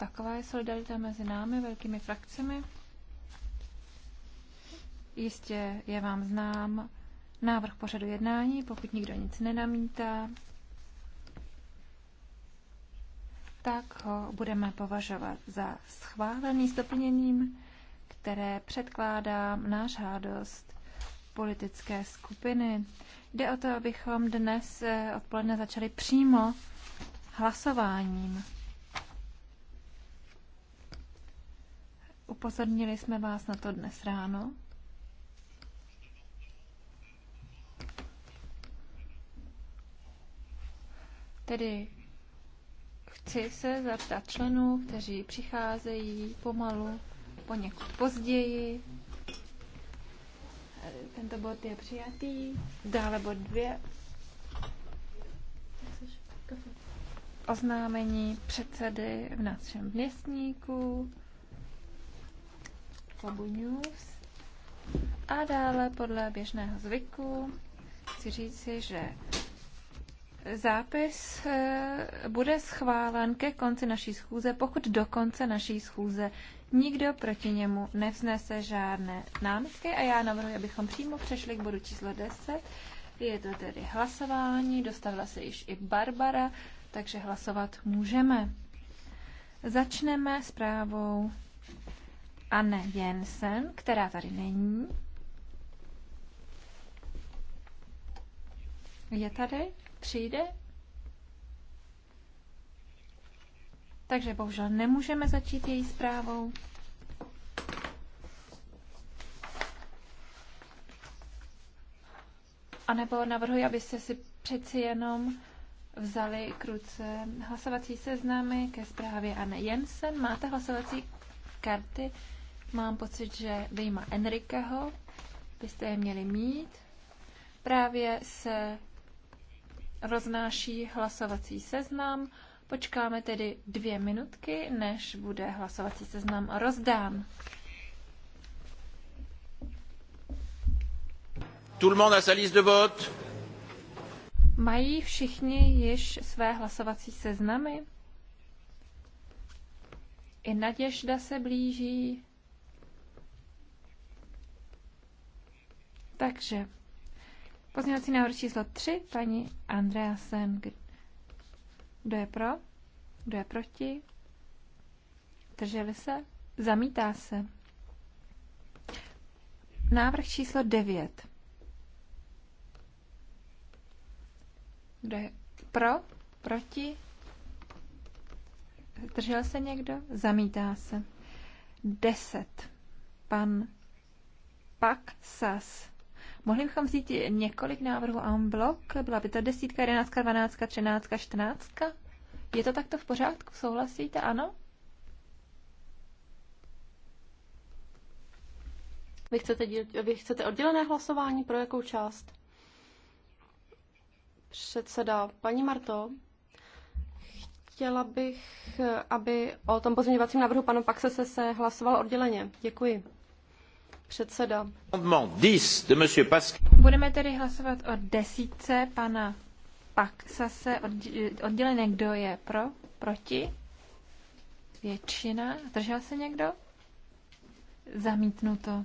Taková je solidarita mezi námi, velkými frakcemi. Jistě je vám znám návrh pořadu jednání, pokud nikdo nic nenamítá, tak ho budeme považovat za schválený s doplněním, které předkládá náš hádost politické skupiny. Jde o to, abychom dnes eh, odpoledne začali přímo hlasováním. Upozornili jsme vás na to dnes ráno. Tedy chci se zeptat členů, kteří přicházejí pomalu, poněkud později. Tento bod je přijatý. Dále bod dvě. Oznámení předsedy v našem městníku klubu News. A dále podle běžného zvyku chci říci, že zápis eh, bude schválen ke konci naší schůze, pokud do konce naší schůze nikdo proti němu nevznese žádné námitky a já navrhuji, abychom přímo přešli k bodu číslo 10. Je to tedy hlasování, dostavila se již i Barbara, takže hlasovat můžeme. Začneme s právou. Anne Jensen, která tady není. Je tady? Přijde? Takže bohužel nemůžeme začít její zprávou. A nebo navrhuji, abyste si přeci jenom vzali kruce hlasovací seznamy ke zprávě Anne Jensen. Máte hlasovací karty? Mám pocit, že vyjma Enrikeho byste je měli mít. Právě se roznáší hlasovací seznam. Počkáme tedy dvě minutky, než bude hlasovací seznam rozdán. Tout le monde a sa liste de vote. Mají všichni již své hlasovací seznamy? I Naděžda se blíží. Takže pozměňovací návrh číslo 3, paní Andrea Sen. Kdo je pro? Kdo je proti? Drželi se? Zamítá se. Návrh číslo 9. Kdo je pro? Proti? Držel se někdo? Zamítá se. 10. Pan Pak Sas. Mohli bychom vzít několik návrhů en blok? Byla by to desítka, jedenáctka, dvanáctka, třináctka, čtrnáctka? Je to takto v pořádku? Souhlasíte? Ano? Vy chcete, díl, vy chcete oddělené hlasování pro jakou část? Předseda, paní Marto, chtěla bych, aby o tom pozměňovacím návrhu panu Paxese se hlasovalo odděleně. Děkuji. Předseda. Budeme tedy hlasovat o desítce pana Paksase oddělené. Kdo je pro? Proti? Většina. Zdržel se někdo? Zamítnuto.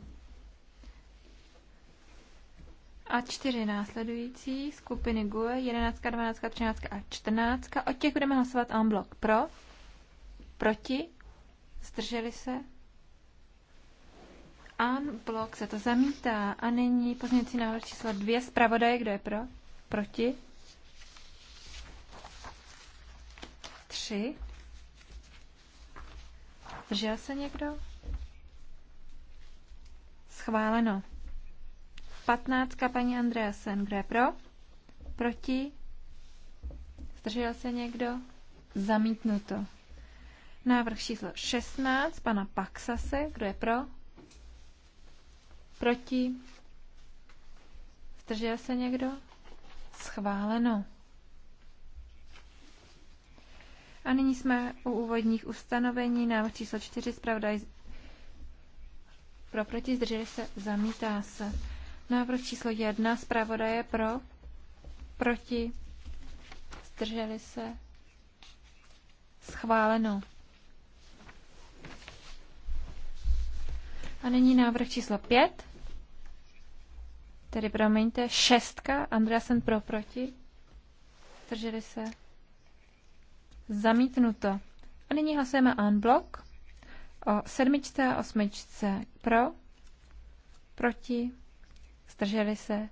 A čtyři následující skupiny GUE, 11, 12, 13 a 14. O těch budeme hlasovat en blok. Pro? Proti? Zdrželi se? An blok se to zamítá. A nyní pozměňující návrh číslo dvě. Zpravodaje, kdo je pro? Proti? Tři. Zdržel se někdo? Schváleno. Patnáctka paní Andreasen, kdo je pro? Proti? Zdržel se někdo? Zamítnuto. Návrh číslo 16 pana Paxase, kdo je pro? Proti? Zdržel se někdo? Schváleno. A nyní jsme u úvodních ustanovení. Návrh číslo 4, zpravodaj pro, proti, zdrželi se, zamítá se. Návrh číslo 1, zpravodaje pro, proti, zdrželi se, schváleno. A nyní návrh číslo 5. Tedy promiňte, šestka. Andreasen pro proti. Zdrželi se. Zamítnuto. A nyní hlasujeme unblock o sedmičce a osmičce pro, proti, zdrželi se,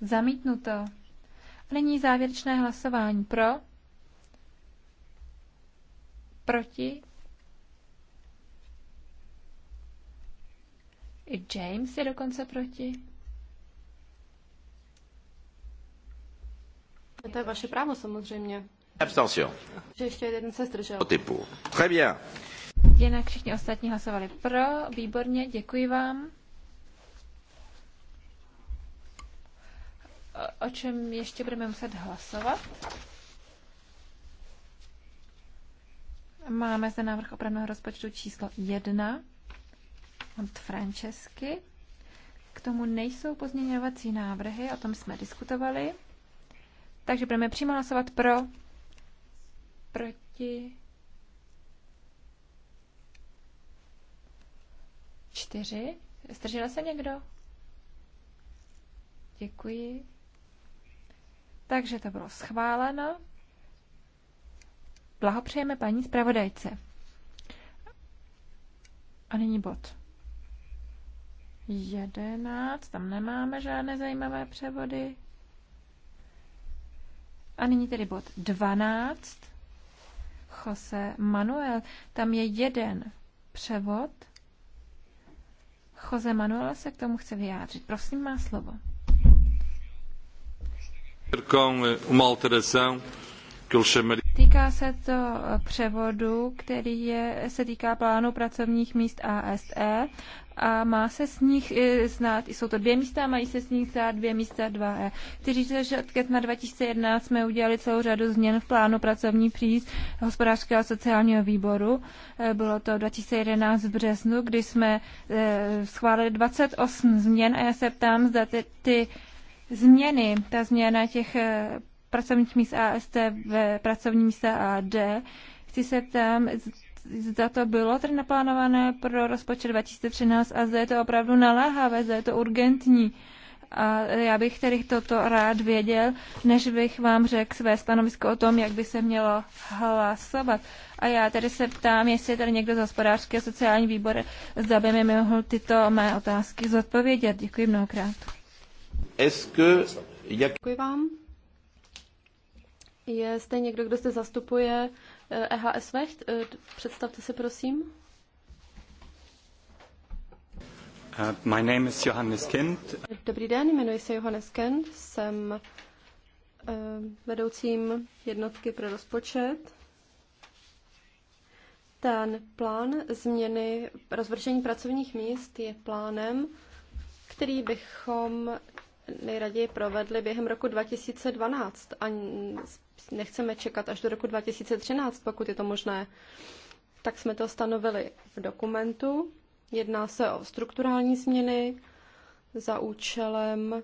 zamítnuto. A nyní závěrečné hlasování pro, proti, I James je dokonce proti. No, to je vaše právo samozřejmě. Abstention. Že ještě jeden se zdržel. O typu. Très bien. Jinak všichni ostatní hlasovali pro. Výborně, děkuji vám. O čem ještě budeme muset hlasovat? Máme zde návrh opravného rozpočtu číslo 1 od Francesky. K tomu nejsou pozměňovací návrhy, o tom jsme diskutovali. Takže budeme přímo hlasovat pro, proti, čtyři. Zdržela se někdo? Děkuji. Takže to bylo schváleno. Blahopřejeme paní zpravodajce. A nyní bod. 11, tam nemáme žádné zajímavé převody. A nyní tedy bod 12. Jose Manuel. Tam je jeden převod. Jose Manuel se k tomu chce vyjádřit. Prosím, má slovo. Com uma alteração Týká se to e, převodu, který je, se týká plánu pracovních míst ASE a má se s nich e, znát, jsou to dvě místa, mají se s nich znát dvě místa 2E. Chci říct, že od května 2011 jsme udělali celou řadu změn v plánu pracovní příz hospodářského a sociálního výboru. E, bylo to 2011 v březnu, kdy jsme schválili 28 změn a já se ptám, zda ty, ty změny, ta změna těch pracovních míst AST v pracovní místa AD. Chci se tam, zda to bylo tedy naplánované pro rozpočet 2013 a zda je to opravdu naléhavé, zda je to urgentní. A já bych tedy toto rád věděl, než bych vám řekl své stanovisko o tom, jak by se mělo hlasovat. A já tedy se ptám, jestli je tady někdo z hospodářského sociální výboru zda by mi mohl tyto mé otázky zodpovědět. Děkuji mnohokrát. Děkuji vám. Je zde někdo, kdo zde zastupuje eh, e Vecht? Eh, představte se, prosím. Uh, my name is Johannes Kind. Dobrý den, jmenuji se Johannes Kind, jsem uh, vedoucím jednotky pro rozpočet. Ten plán změny rozvržení pracovních míst je plánem, který bychom nejraději provedli během roku 2012 a nechceme čekat až do roku 2013, pokud je to možné. Tak jsme to stanovili v dokumentu. Jedná se o strukturální změny za účelem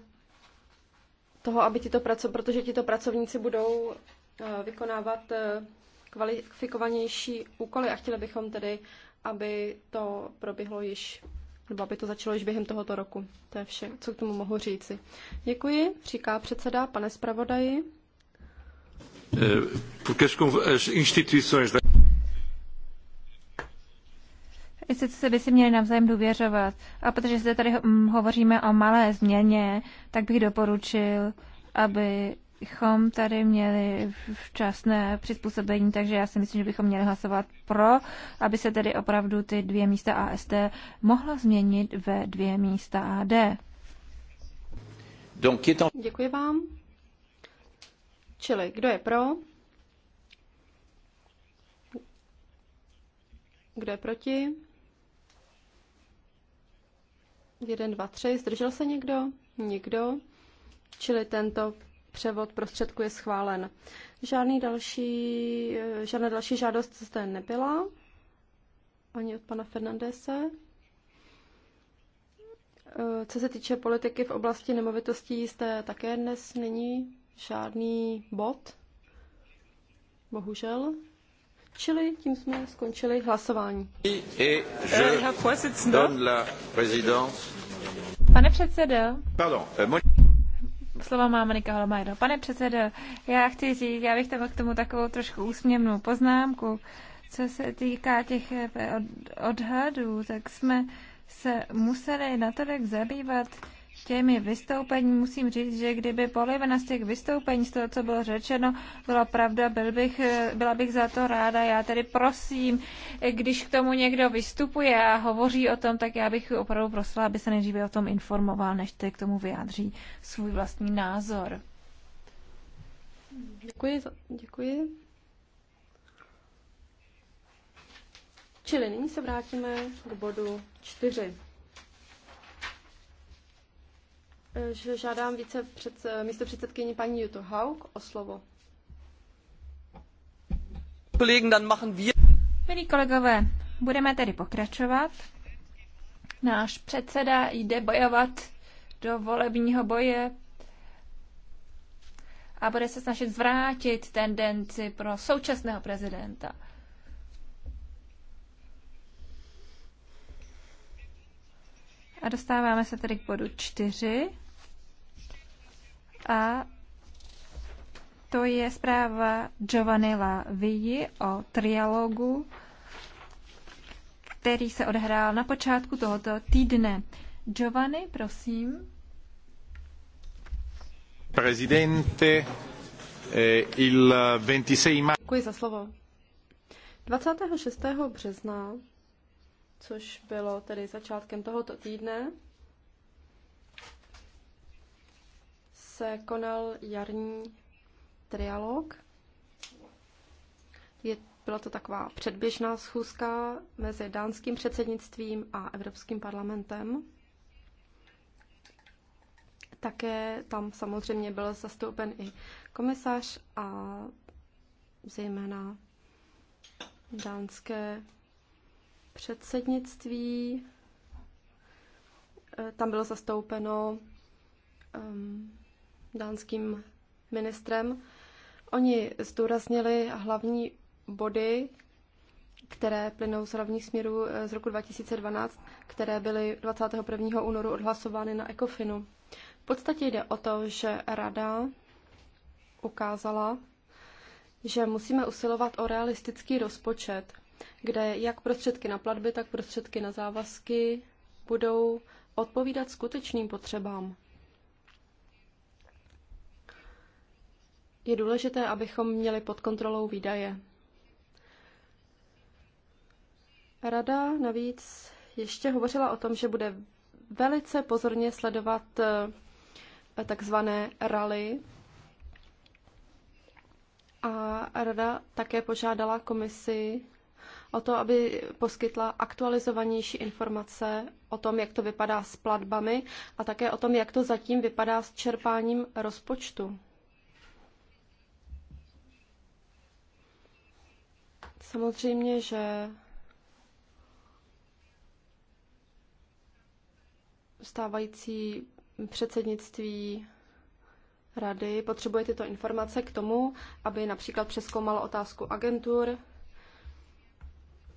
toho, aby tito praco- protože tito pracovníci budou eh, vykonávat eh, kvalifikovanější úkoly a chtěli bychom tedy, aby to proběhlo již nebo aby to začalo již během tohoto roku. To je vše, co k tomu mohu říci. Děkuji, říká předseda, pane zpravodaji. Eh, Instituce by si měly navzájem důvěřovat. A protože zde tady hm, hovoříme o malé změně, tak bych doporučil, aby bychom tady měli včasné přizpůsobení, takže já si myslím, že bychom měli hlasovat pro, aby se tedy opravdu ty dvě místa AST mohla změnit ve dvě místa AD. Děkuji vám. Čili kdo je pro? Kdo je proti? Jeden, dva, tři. Zdržel se někdo? Nikdo. Čili tento převod prostředku je schválen. Žádný další, eh, žádná další žádost zde nebyla, ani od pana Fernandese. Eh, co se týče politiky v oblasti nemovitostí, jste také dnes není žádný bod, bohužel. Čili tím jsme skončili hlasování. Eh, Pane předsedo. Pardon, euh, slova má Monika Holomajdo. Pane předsedo, já chci říct, já bych tam k tomu takovou trošku úsměvnou poznámku. Co se týká těch eh, odhadů, tak jsme se museli natolik zabývat těmi vystoupení musím říct, že kdyby polivina z těch vystoupení, z toho, co bylo řečeno, byla pravda, byl bych, byla bych za to ráda. Já tedy prosím, když k tomu někdo vystupuje a hovoří o tom, tak já bych opravdu prosila, aby se nejdříve o tom informoval, než k tomu vyjádří svůj vlastní názor. Děkuji. Za, děkuji. Čili nyní se vrátíme k bodu čtyři. Eh, že žádám více před, eh, místo předsedkyni paní Juto Haug o slovo. Milí kolegové, budeme tedy pokračovat. Náš předseda jde bojovat do volebního boje a bude se snažit zvrátit tendenci pro současného prezidenta. A dostáváme se tedy k bodu čtyři a to je zpráva Giovanella Vigi o trialogu, který se odehrál na počátku tohoto týdne. Giovanni, prosím. Prezidente, eh, il 26 ma... Děkuji za slovo. 26. března, což bylo tedy začátkem tohoto týdne, se konal jarní trialog. Je, byla to taková předběžná schůzka mezi dánským předsednictvím a Evropským parlamentem. Také tam samozřejmě byl zastoupen i komisař a zejména dánské předsednictví. E, tam bylo zastoupeno um, dánským ministrem. Oni zdůraznili hlavní body, které plynou z hlavních směrů eh, z roku 2012, které byly 21. únoru odhlasovány na ECOFINu. V podstatě jde o to, že Rada ukázala, že musíme usilovat o realistický rozpočet, kde jak prostředky na platby, tak prostředky na závazky budou odpovídat skutečným potřebám. Je důležité, abychom měli pod kontrolou výdaje. Rada navíc ještě hovořila o tom, že bude velice pozorně sledovat eh, takzvané rally. A rada také požádala komisi o to, aby poskytla aktualizovanější informace o tom, jak to vypadá s platbami a také o tom, jak to zatím vypadá s čerpáním rozpočtu. Samozřejmě, že stávající předsednictví rady potřebuje tyto informace k tomu, aby například přeskoumalo otázku agentur.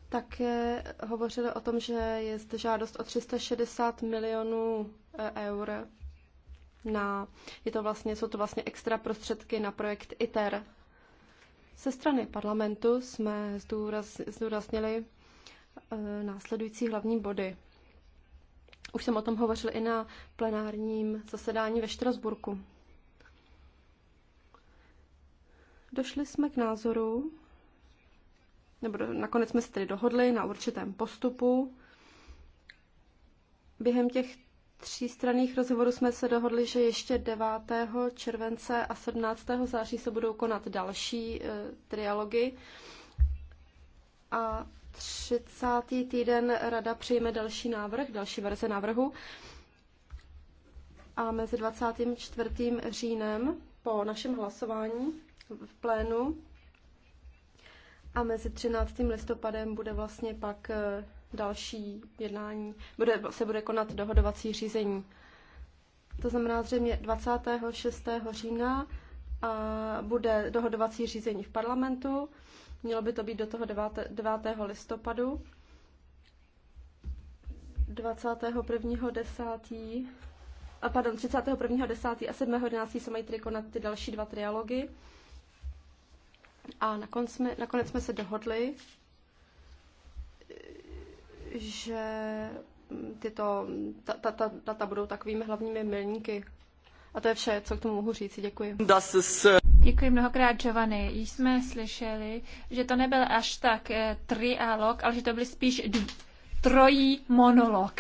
Také hovořili o tom, že je zde žádost o 360 milionů eur na, je to vlastně, jsou to vlastně extra prostředky na projekt ITER, ze strany parlamentu jsme zdůraznili eh, následující hlavní body. Už jsem o tom hovořil i na plenárním zasedání ve Štrasburku. Došli jsme k názoru, nebo nakonec jsme se tedy dohodli na určitém postupu. Během těch třístranných rozhovorů jsme se dohodli, že ještě 9. července a 17. září se budou konat další e, trialogy. A 30. týden rada přijme další návrh, další verze návrhu. A mezi 24. říjnem po našem hlasování v plénu a mezi 13. listopadem bude vlastně pak e, další jednání, bude, se bude konat dohodovací řízení. To znamená zřejmě 26. října a bude dohodovací řízení v parlamentu. Mělo by to být do toho 9. 9. listopadu. 21. 10. A pardon, 31.10. 10. a 7. 11. se mají tedy konat ty další dva trialogy. A nakonec jsme, nakonec jsme se dohodli, že tyto ta, ta, ta, ta budou takovými hlavními milníky. A to je vše, co k tomu mohu říct. Děkuji. Eh, Děkuji mnohokrát, Giovanni. Jsme slyšeli, že to nebyl až tak eh, trialog, ale že to byl spíš trojí monolog.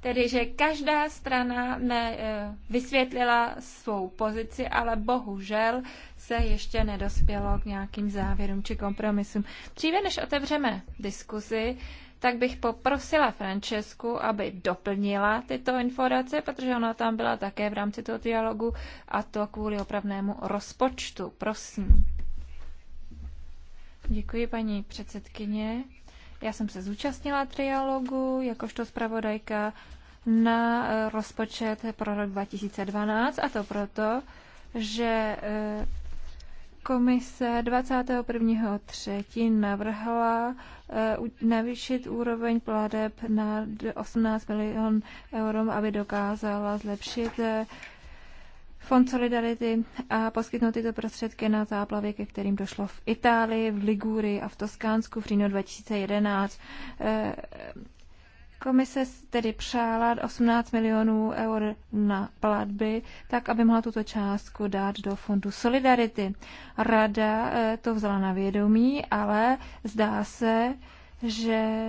Tedy, že každá strana ne, eh, vysvětlila svou pozici, ale bohužel se ještě nedospělo k nějakým závěrům či kompromisům. Dříve než otevřeme diskuzi, eh, tak bych poprosila Francesku, aby doplnila tyto informace, protože ona tam byla také v rámci toho dialogu a to kvůli opravnému rozpočtu. Prosím. Děkuji, paní předsedkyně. Já jsem se zúčastnila trialogu jakožto zpravodajka na eh, rozpočet pro rok 2012 a to proto, že eh, komise 21.3. navrhla Eh, navýšit úroveň pládeb na 18 milion eur, aby dokázala zlepšit eh, Fond Solidarity a poskytnout tyto prostředky na záplavy, ke kterým došlo v Itálii, v Ligúrii a v Toskánsku v říjnu 2011. Komise tedy přála 18 milionů eur na platby, tak aby mohla tuto částku dát do fondu Solidarity. Rada eh, to vzala na vědomí, ale zdá se, že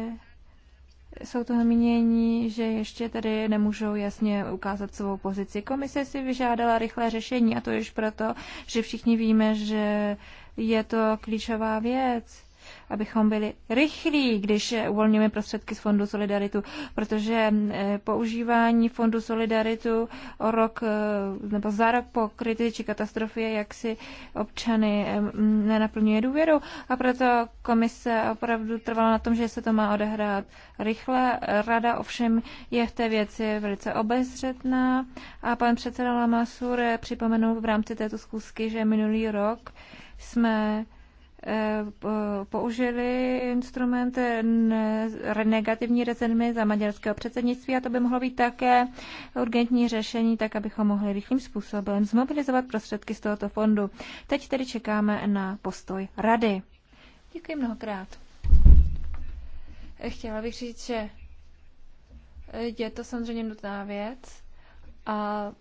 jsou to mínění, že ještě tady nemůžou jasně ukázat svou pozici. Komise si vyžádala rychlé řešení a to již proto, že všichni víme, že je to klíčová věc abychom byli rychlí, když uvolníme prostředky z Fondu Solidaritu, protože eh, používání Fondu Solidaritu o rok eh, nebo za rok po krizi či katastrofě, jak si občany eh, nenaplňuje důvěru a proto komise opravdu trvala na tom, že se to má odehrát rychle. Rada ovšem je v té věci velice obezřetná a pan předseda Lamasur připomenul v rámci této zkusky, že minulý rok jsme Eh, použili instrument eh, negativní rezervy za maďarského předsednictví a to by mohlo být také urgentní řešení, tak abychom mohli rychlým způsobem zmobilizovat prostředky z tohoto fondu. Teď tedy čekáme na postoj rady. Děkuji mnohokrát. Chtěla bych říct, že je to samozřejmě nutná věc a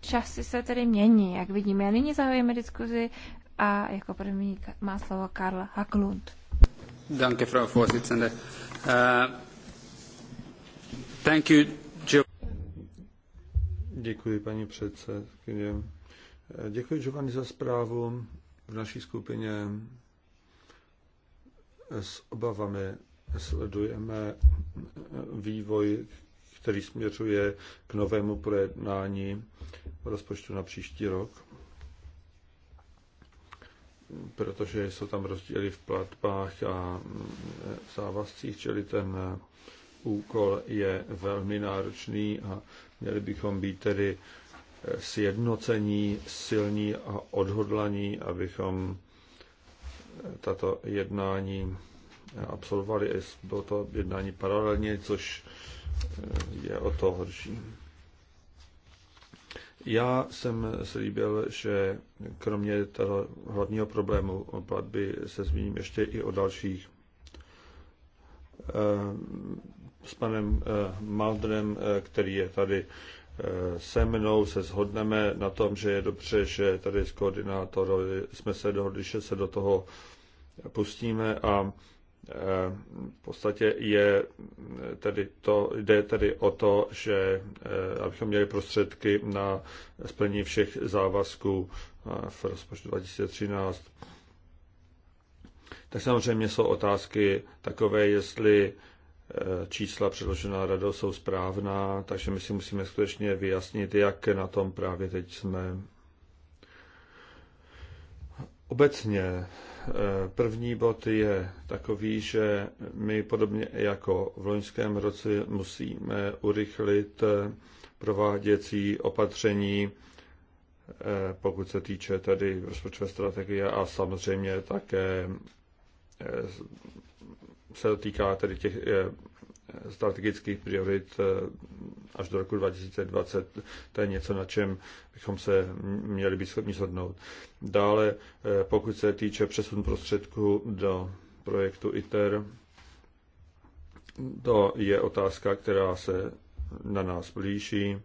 Časy se tedy mění, jak vidíme. A nyní zahajujeme diskuzi a jako první má slovo Karl Haklund. Danke, Frau Vorsitzende. Uh, thank you, Joe. Děkuji, paní předsedkyně. Äh, děkuji, Giovanni, za zprávu. V naší skupině s obavami sledujeme vývoj, který směřuje k novému projednání rozpočtu na příští rok, protože jsou tam rozdíly v platbách a závazcích, čili ten úkol je velmi náročný a měli bychom být tedy sjednocení, silní a odhodlaní, abychom tato jednání absolvovali, bylo to jednání paralelně, což eh, je o to horší. Já jsem slíbil, že kromě toho hlavního problému o platby se zmíním ještě i o dalších. Eh, s panem eh, Maldrem, který je tady se mnou, se shodneme na tom, že je dobře, že tady s koordinátorem jsme se dohodli, že se do toho pustíme a v podstatě je tedy to, jde tedy o to, že eh, abychom měli prostředky na splnění všech závazků eh, v rozpočtu 2013. Tak samozřejmě jsou otázky takové, jestli eh, čísla předložená radou jsou správná, takže my si musíme skutečně vyjasnit, jak na tom právě teď jsme. Obecně První bod je takový, že my podobně jako v loňském roce musíme urychlit prováděcí opatření, eh, pokud se týče tedy rozpočtové strategie a samozřejmě také eh, se týká tedy těch eh, strategických priorit eh, až do roku 2020. To je něco, na čem bychom se měli být schopni shodnout. Dále, eh, pokud se týče přesun prostředků do projektu ITER, to je otázka, která se na nás blíží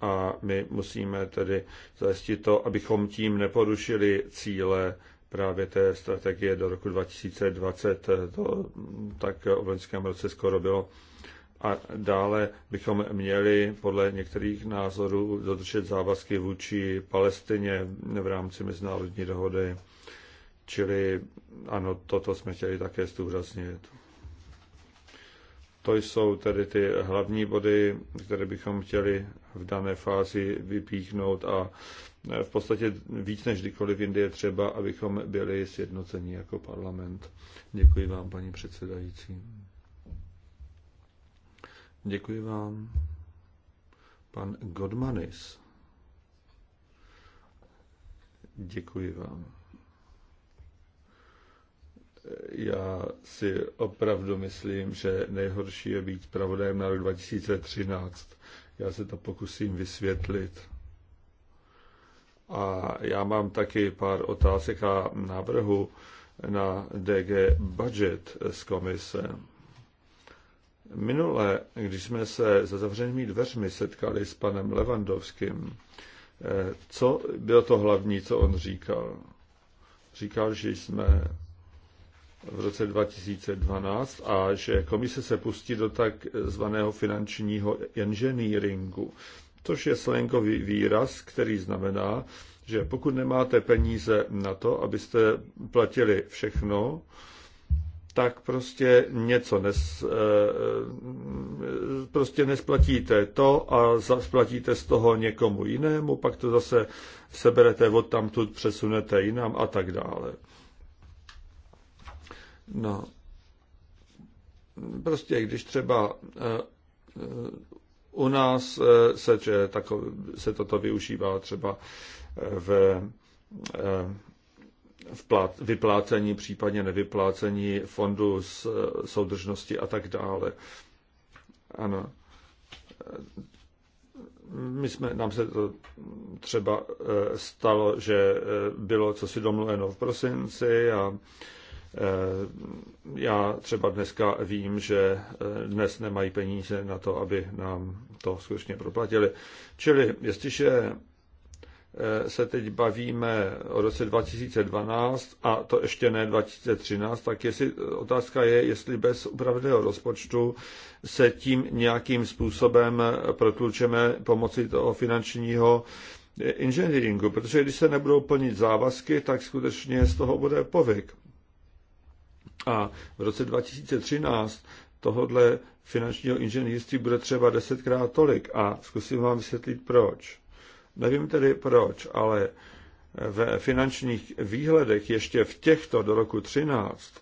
a my musíme tedy zajistit to, abychom tím neporušili cíle právě té strategie do roku 2020, eh, to tak v loňském roce skoro bylo. A dále bychom měli podle některých názorů dodržet závazky vůči Palestině v rámci mezinárodní dohody. Čili ano, toto jsme chtěli také zdůraznit. To jsou tedy ty hlavní body, které bychom chtěli v dané fázi vypíchnout a Eh, v podstatě víc než kdykoliv jindy je třeba, abychom byli sjednoceni jako parlament. Děkuji vám, paní předsedající. Děkuji vám. Pan Godmanis. Děkuji vám. Eh, já si opravdu myslím, že nejhorší je být pravodajem na rok 2013. Já se to pokusím vysvětlit. A já mám taky pár otázek a návrhu na DG Budget z komise. Minule, když jsme se za zavřenými dveřmi setkali s panem Levandovským, eh, co bylo to hlavní, co on říkal? Říkal, že jsme v roce 2012 a že komise se pustí do takzvaného finančního inženýringu což je slangový výraz, který znamená, že pokud nemáte peníze na to, abyste platili všechno, tak prostě něco nes, eh, prostě nesplatíte to a splatíte z toho někomu jinému, pak to zase seberete od tamtud, přesunete jinam a tak dále. No, prostě když třeba eh, u nás eh, se, že tako, se toto využívá třeba eh, v, eh, v plát, vyplácení, případně nevyplácení fondu z soudržnosti a tak dále. Ano. My jsme, nám se to třeba stalo, že bylo co si domluveno v prosinci a Eh, já třeba dneska vím, že eh, dnes nemají peníze na to, aby nám to skutečně proplatili. Čili jestliže eh, se teď bavíme o roce 2012 a to ještě ne 2013, tak jestli, otázka je, jestli bez upraveného rozpočtu se tím nějakým způsobem protlučeme pomocí toho finančního inženýringu, protože když se nebudou plnit závazky, tak skutečně z toho bude povyk. A v roce 2013 tohodle finančního inženýrství bude třeba desetkrát tolik a zkusím vám vysvětlit proč. Nevím tedy proč, ale ve finančních výhledech ještě v těchto do roku 13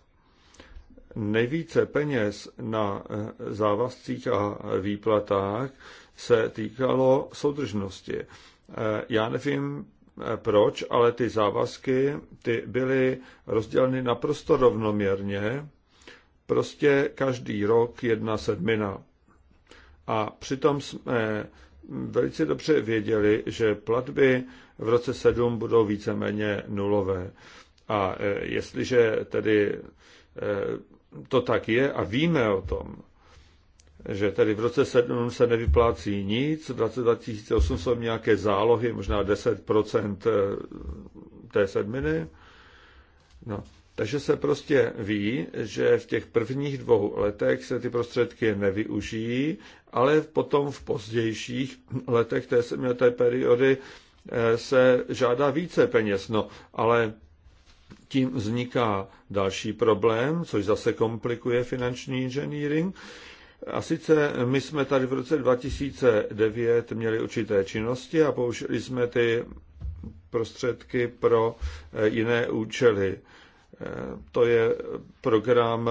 nejvíce peněz na eh, závazcích a výplatách se týkalo soudržnosti. Eh, já nevím, proč, ale ty závazky ty byly rozděleny naprosto rovnoměrně, prostě každý rok jedna sedmina. A přitom jsme velice dobře věděli, že platby v roce 7 budou víceméně nulové. A e, jestliže tedy e, to tak je a víme o tom, že tedy v roce 7 se nevyplácí nic, v roce 2008 jsou nějaké zálohy, možná 10% eh, té sedminy. No. Takže se prostě ví, že v těch prvních dvou letech se ty prostředky nevyužijí, ale potom v pozdějších letech té sedmileté periody eh, se žádá více peněz. No, ale tím vzniká další problém, což zase komplikuje finanční inženýring, a sice my jsme tady v roce 2009 měli určité činnosti a použili jsme ty prostředky pro eh, jiné účely. Eh, to je program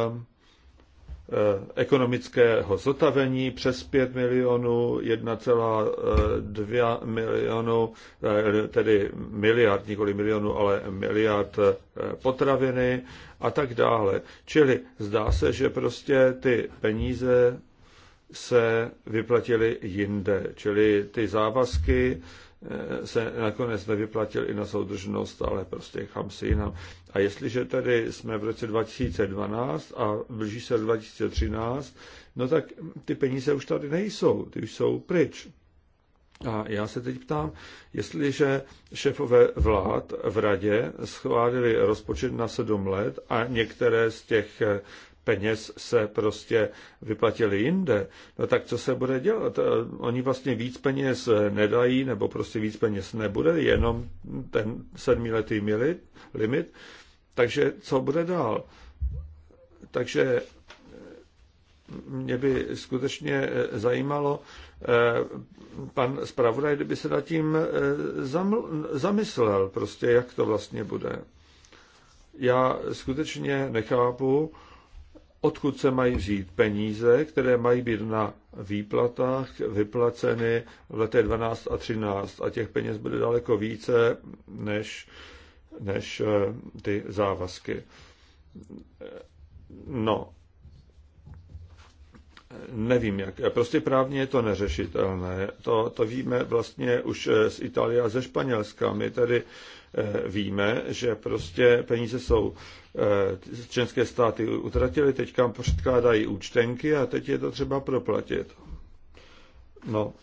Eh, ekonomického zotavení přes 5 milionů, 1,2 eh, milionu, eh, tedy miliard, nikoli milionů, ale miliard potraviny a tak dále. Čili zdá se, že prostě ty peníze se vyplatily jinde, čili ty závazky Eh, se nakonec nevyplatil i na soudržnost, ale prostě kam si jinam. A jestliže tady jsme v roce 2012 a blíží se 2013, no tak ty peníze už tady nejsou, ty už jsou pryč. A já se teď ptám, jestliže šéfové vlád v radě schválili rozpočet na sedm let a některé z těch peněz se prostě vyplatili jinde, no tak co se bude dělat? Oni vlastně víc peněz nedají, nebo prostě víc peněz nebude, jenom ten sedmiletý limit. Takže co bude dál? Takže eh, mě by skutečně eh, zajímalo, eh, pan zpravodaj, kdyby se nad tím zamyslel, prostě jak to vlastně bude. Já skutečně nechápu, odkud se mají vzít peníze, které mají být na výplatách vyplaceny v letech 12 a 13. A těch peněz bude daleko více než, než eh, ty závazky. Eh, no, nevím jak. Prostě právně je to neřešitelné. To, to víme vlastně už eh, z Itálie a ze Španělska. My tady Eh, víme, že prostě peníze jsou eh, členské státy utratily, teďka předkládají účtenky a teď je to třeba proplatit. No,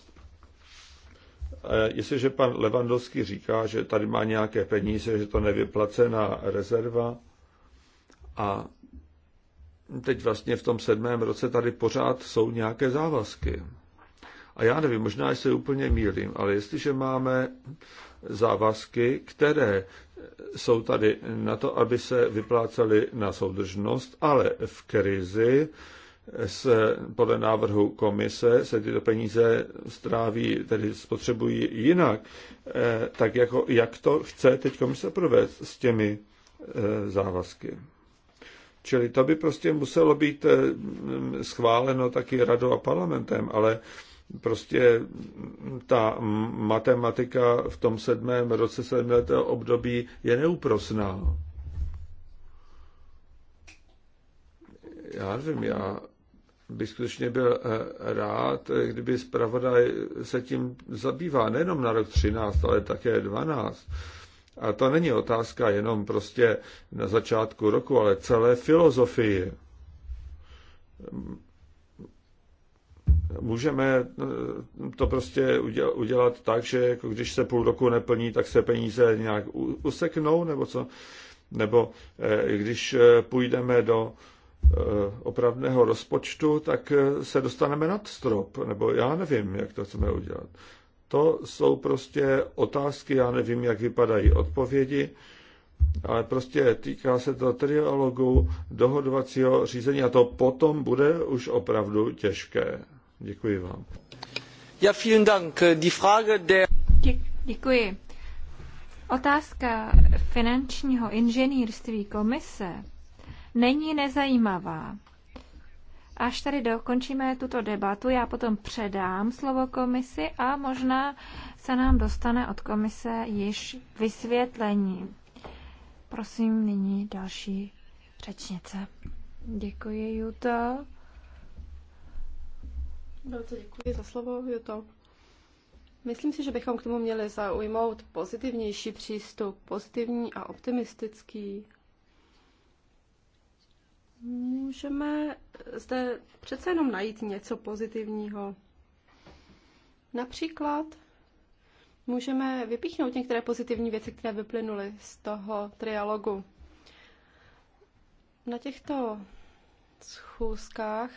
eh, jestliže pan Levandovský říká, že tady má nějaké peníze, že to nevyplacená rezerva a teď vlastně v tom sedmém roce tady pořád jsou nějaké závazky. A já nevím, možná se úplně mílím, ale jestliže máme závazky, které jsou tady na to, aby se vyplácely na soudržnost, ale v krizi se, podle návrhu komise se tyto peníze stráví, tedy spotřebují jinak, eh, tak jako, jak to chce teď komise provést s těmi eh, závazky. Čili to by prostě muselo být eh, schváleno taky radou a parlamentem, ale Prostě ta matematika v tom sedmém roce sedmiletého období je neúprosná. Já nevím, já bych skutečně byl eh, rád, kdyby zpravodaj se tím zabývá nejenom na rok 13, ale také 12. A to není otázka jenom prostě na začátku roku, ale celé filozofii můžeme eh, to prostě udělat tak, že jako když se půl roku neplní, tak se peníze nějak useknou, nebo co? Nebo eh, když eh, půjdeme do opravného rozpočtu, tak se dostaneme nad strop, nebo já nevím, jak to chceme udělat. To jsou prostě otázky, já nevím, jak vypadají odpovědi, ale prostě týká se to trialogu, dohodovacího řízení a to potom bude už opravdu těžké. Děkuji vám. Ja, vielen Dank. Die Frage der... Děkuji. Otázka finančního inženýrství komise není nezajímavá. Až tady dokončíme tuto debatu, já potom předám slovo komisi a možná se nám dostane od komise již vysvětlení. Prosím nyní další řečnice. Děkuji, Juto. Velice děkuji za slovo, je to. Myslím si, že bychom k tomu měli zaujmout pozitivnější přístup, pozitivní a optimistický. Můžeme zde přece jenom najít něco pozitivního. Například můžeme vypíchnout některé pozitivní věci, které vyplynuly z toho trialogu. Na těchto schůzkách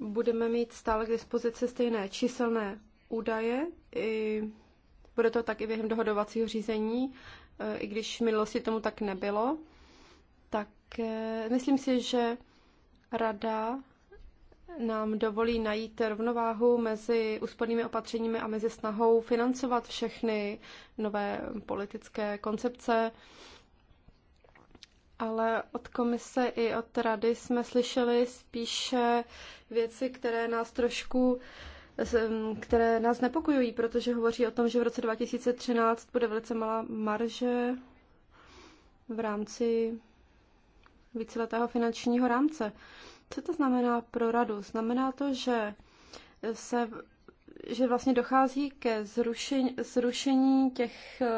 budeme mít stále k dispozici stejné číselné údaje. I, bude to tak i během dohodovacího řízení, eh, i když v minulosti tomu tak nebylo. Tak eh, myslím si, že rada nám dovolí najít rovnováhu mezi úspornými opatřeními a mezi snahou financovat všechny nové politické koncepce, ale od komise i od rady jsme slyšeli spíše věci, které nás trošku které nás nepokojují, protože hovoří o tom, že v roce 2013 bude velice malá marže v rámci víceletého finančního rámce. Co to znamená pro radu? Znamená to, že se že vlastně dochází ke zrušení, zrušení těch eh,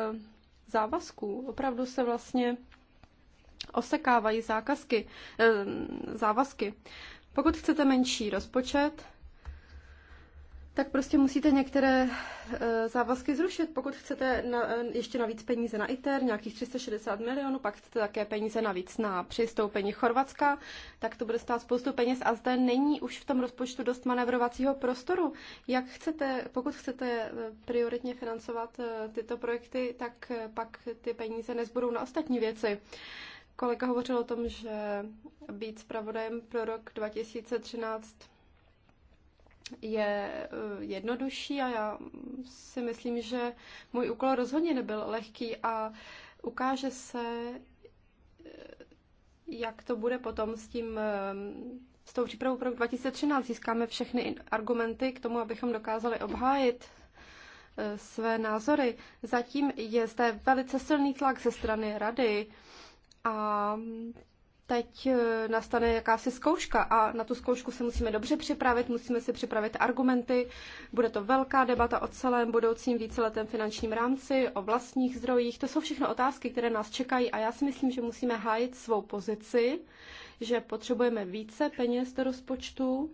závazků. Opravdu se vlastně osekávají zákazky, eh, závazky. Pokud chcete menší rozpočet, tak prostě musíte některé eh, závazky zrušit. Pokud chcete na, eh, ještě navíc peníze na ITER, nějakých 360 milionů, pak chcete také peníze navíc na přistoupení Chorvatska, tak to bude stát spoustu peněz a zde není už v tom rozpočtu dost manevrovacího prostoru. Jak chcete, pokud chcete prioritně financovat tyto projekty, tak pak ty peníze nezbudou na ostatní věci kolega hovořil o tom, že být zpravodajem pro rok 2013 je eh, jednodušší a já si myslím, že můj úkol rozhodně nebyl lehký a ukáže se, eh, jak to bude potom s tím eh, s tou přípravou pro rok 2013 získáme všechny argumenty k tomu, abychom dokázali obhájit své názory. Zatím je zde velice silný tlak ze strany rady a teď e, nastane jakási zkouška a na tu zkoušku se musíme dobře připravit, musíme si připravit argumenty. Bude to velká debata o celém budoucím víceletém finančním rámci, o vlastních zdrojích. To jsou všechno otázky, které nás čekají a já si myslím, že musíme hájit svou pozici, že potřebujeme více peněz do rozpočtu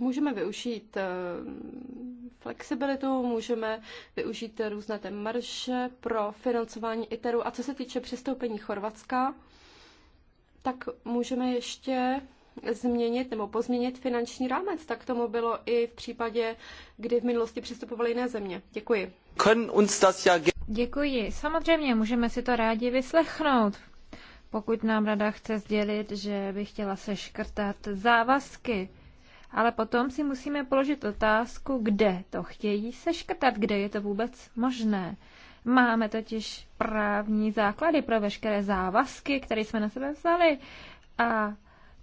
můžeme využít eh, flexibilitu, můžeme využít různé té marže pro financování ITERu. A co se týče přistoupení Chorvatska, tak můžeme ještě změnit nebo pozměnit finanční rámec. Tak tomu bylo i v případě, kdy v minulosti přistupovaly jiné země. Děkuji. Děkuji. Samozřejmě můžeme si to rádi vyslechnout. Pokud nám rada chce sdělit, že by chtěla seškrtat závazky, ale potom si musíme položit otázku, kde to chtějí seškrtat, kde je to vůbec možné. Máme totiž právní základy pro veškeré závazky, které jsme na sebe vzali a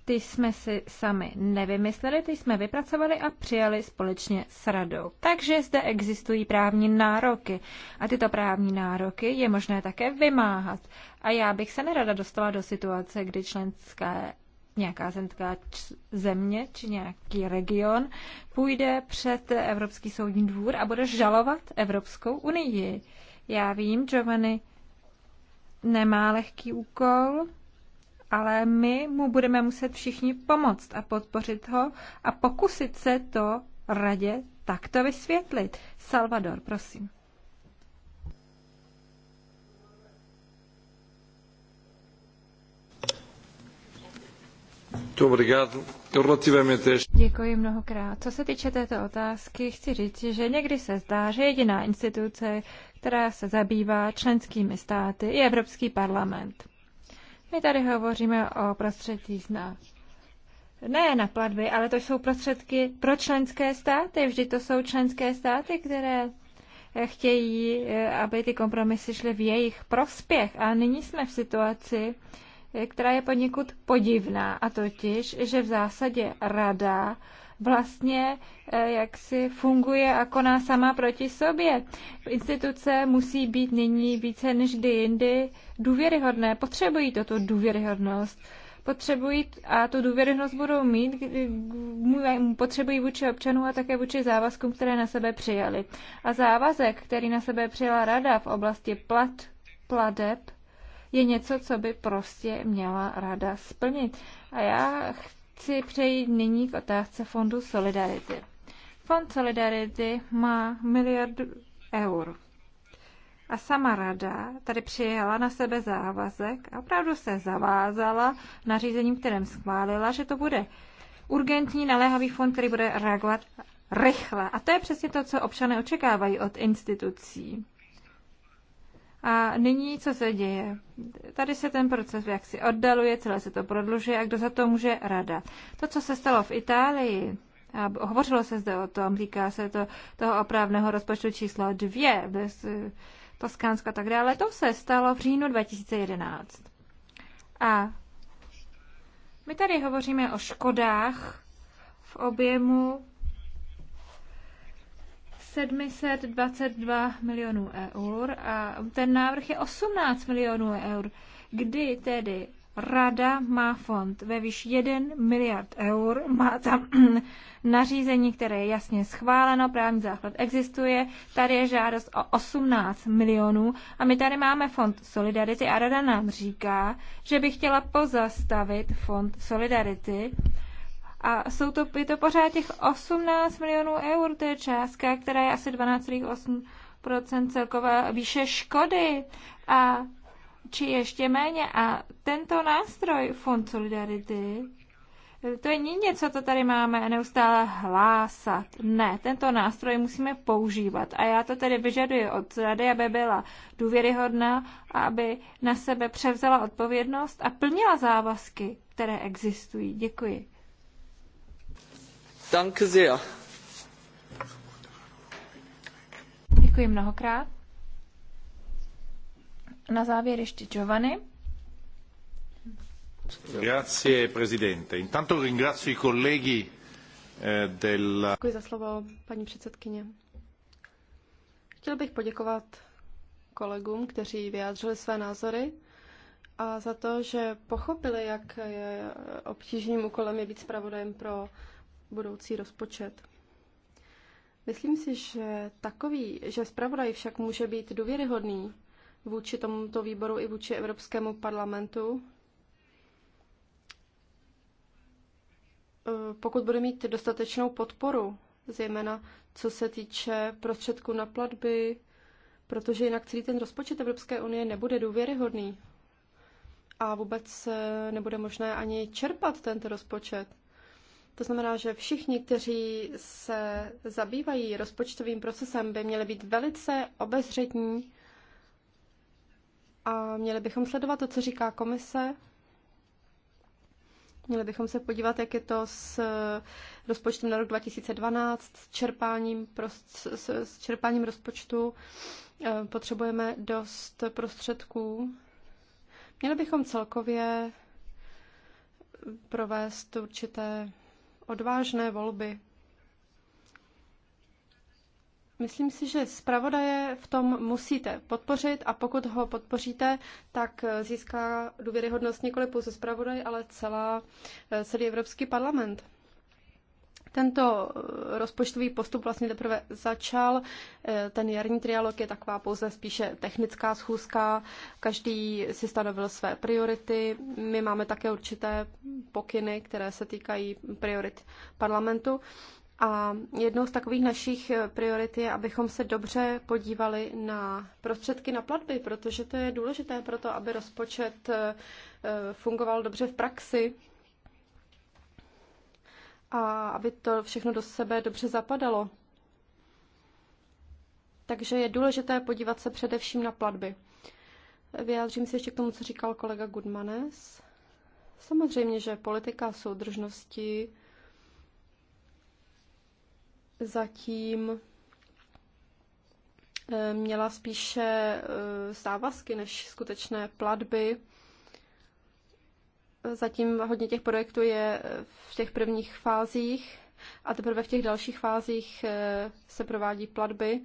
ty jsme si sami nevymysleli, ty jsme vypracovali a přijali společně s radou. Takže zde existují právní nároky a tyto právní nároky je možné také vymáhat. A já bych se nerada dostala do situace, kdy členské nějaká zemská země či nějaký region půjde před Evropský soudní dvůr a bude žalovat Evropskou unii. Já vím, Giovanni nemá lehký úkol, ale my mu budeme muset všichni pomoct a podpořit ho a pokusit se to radě takto vysvětlit. Salvador, prosím. Děkuji mnohokrát. Co se týče této otázky, chci říct, že někdy se zdá, že jediná instituce, která se zabývá členskými státy, je Evropský parlament. My tady hovoříme o prostředcích na ne na platby, ale to jsou prostředky pro členské státy. Vždy to jsou členské státy, které eh, chtějí, eh, aby ty kompromisy šly v jejich prospěch. A nyní jsme v situaci, která je poněkud podivná, a totiž, že v zásadě rada vlastně eh, jak si funguje a koná sama proti sobě. Instituce musí být nyní více než kdy jindy důvěryhodné. Potřebují to důvěryhodnost. Potřebují a tu důvěryhodnost budou mít, potřebují vůči občanů a také vůči závazkům, které na sebe přijali. A závazek, který na sebe přijala rada v oblasti plat, pladeb, je něco, co by prostě měla rada splnit. A já chci přejít nyní k otázce Fondu Solidarity. Fond Solidarity má miliardu eur. A sama rada tady přijela na sebe závazek a opravdu se zavázala nařízením, kterém schválila, že to bude urgentní naléhavý fond, který bude reagovat rychle. A to je přesně to, co občané očekávají od institucí. A nyní, co se děje? Tady se ten proces jaksi oddaluje, celé se to prodlužuje a kdo za to může rada. To, co se stalo v Itálii, a hovořilo se zde o tom, říká se to toho opravného rozpočtu číslo dvě. bez eh, Toskánska a tak dále, to se stalo v říjnu 2011. A my tady hovoříme o škodách v objemu 722 milionů eur a ten návrh je 18 milionů eur, kdy tedy Rada má fond ve výši 1 miliard eur, má tam nařízení, které je jasně schváleno, právní základ existuje, tady je žádost o 18 milionů a my tady máme fond Solidarity a rada nám říká, že by chtěla pozastavit fond Solidarity a jsou to, je to pořád těch 18 milionů eur, to je částka, která je asi 12,8 celkové výše škody. A či ještě méně. A tento nástroj, Fond Solidarity, to je něco, co tady máme neustále hlásat. Ne, tento nástroj musíme používat. A já to tedy vyžaduji od rady, aby byla důvěryhodná a aby na sebe převzala odpovědnost a plnila závazky, které existují. Děkuji. Danke sehr. Děkuji mnohokrát. Na závěr ještě Giovanni. Grazie, presidente. Intanto ringrazio i colleghi eh, della... Děkuji za slovo, paní předsedkyně. Chtěl bych poděkovat kolegům, kteří vyjádřili své názory a za to, že pochopili, jak je obtížným úkolem je být zpravodajem pro budoucí rozpočet. Myslím si, že takový, že zpravodaj však může být důvěryhodný vůči tomuto výboru i vůči Evropskému parlamentu, eh, pokud bude mít dostatečnou podporu, zejména co se týče prostředků na platby, protože jinak celý ten rozpočet Evropské unie nebude důvěryhodný a vůbec eh, nebude možné ani čerpat tento rozpočet. To znamená, že všichni, kteří se zabývají rozpočtovým procesem, by měli být velice obezřetní a měli bychom sledovat to, co říká komise. Měli bychom se podívat, jak je to s rozpočtem na rok 2012, s čerpáním, s, čerpáním rozpočtu. Eh, potřebujeme dost prostředků. Měli bychom celkově provést určité odvážné volby. Myslím si, že zpravodaje v tom musíte podpořit a pokud ho podpoříte, tak získá důvěryhodnost nikoli pouze zpravodaj, ale celá, eh, celý Evropský parlament. Tento eh, rozpočtový postup vlastně teprve začal. Eh, ten jarní trialog je taková pouze spíše technická schůzka. Každý si stanovil své priority. My máme také určité pokyny, které se týkají priorit parlamentu. A jednou z takových našich eh, priorit je, abychom se dobře podívali na prostředky na platby, protože to je důležité pro to, aby rozpočet fungoval dobře v praxi a aby to všechno do sebe dobře zapadalo. Takže je důležité podívat se především na platby. Vyjádřím se ještě k tomu, co říkal kolega Goodmanes. Samozřejmě, že politika soudržnosti zatím eh, měla spíše eh, závazky než skutečné platby. Zatím hodně těch projektů je v těch prvních fázích a teprve v těch dalších fázích eh, se provádí platby.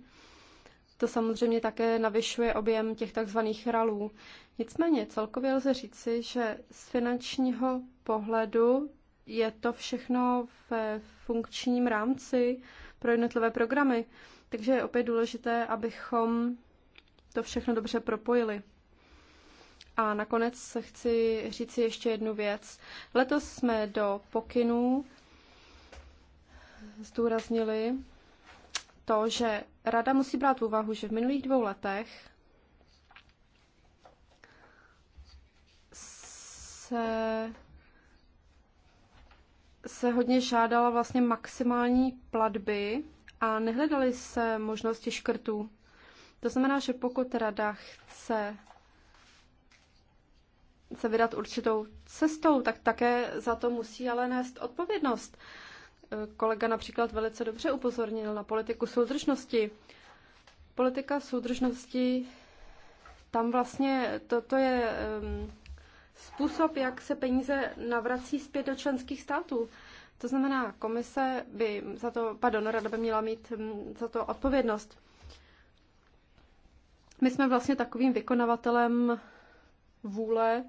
To samozřejmě také navyšuje objem těch takzvaných ralů. Nicméně celkově lze říci, že z finančního pohledu je to všechno ve funkčním rámci pro jednotlivé programy. Takže je opět důležité, abychom to všechno dobře propojili. A nakonec chci říci ještě jednu věc. Letos jsme do pokynů zdůraznili to, že Rada musí brát v úvahu, že v minulých dvou letech se, se hodně žádala vlastně maximální platby a nehledaly se možnosti škrtů. To znamená, že pokud Rada chce se vydat určitou cestou, tak také za to musí ale nést odpovědnost. Kolega například velice dobře upozornil na politiku soudržnosti. Politika soudržnosti, tam vlastně toto je způsob, jak se peníze navrací zpět do členských států. To znamená, komise by za to, pardon, rada by měla mít za to odpovědnost. My jsme vlastně takovým vykonavatelem vůle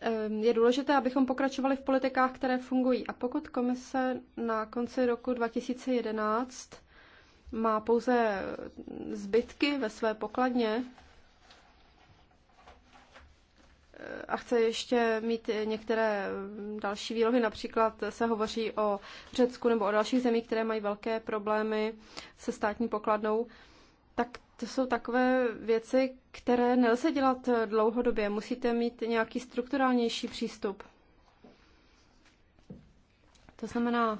Ehm, je důležité, abychom pokračovali v politikách, které fungují. A pokud komise na konci roku 2011 má pouze ehm, zbytky ve své pokladně eh, a chce ještě mít některé ehm, další výlohy, například se hovoří o Řecku nebo o dalších zemích, které mají velké problémy se státní pokladnou, tak to jsou takové věci, které nelze dělat dlouhodobě. Musíte mít nějaký strukturálnější přístup. To znamená,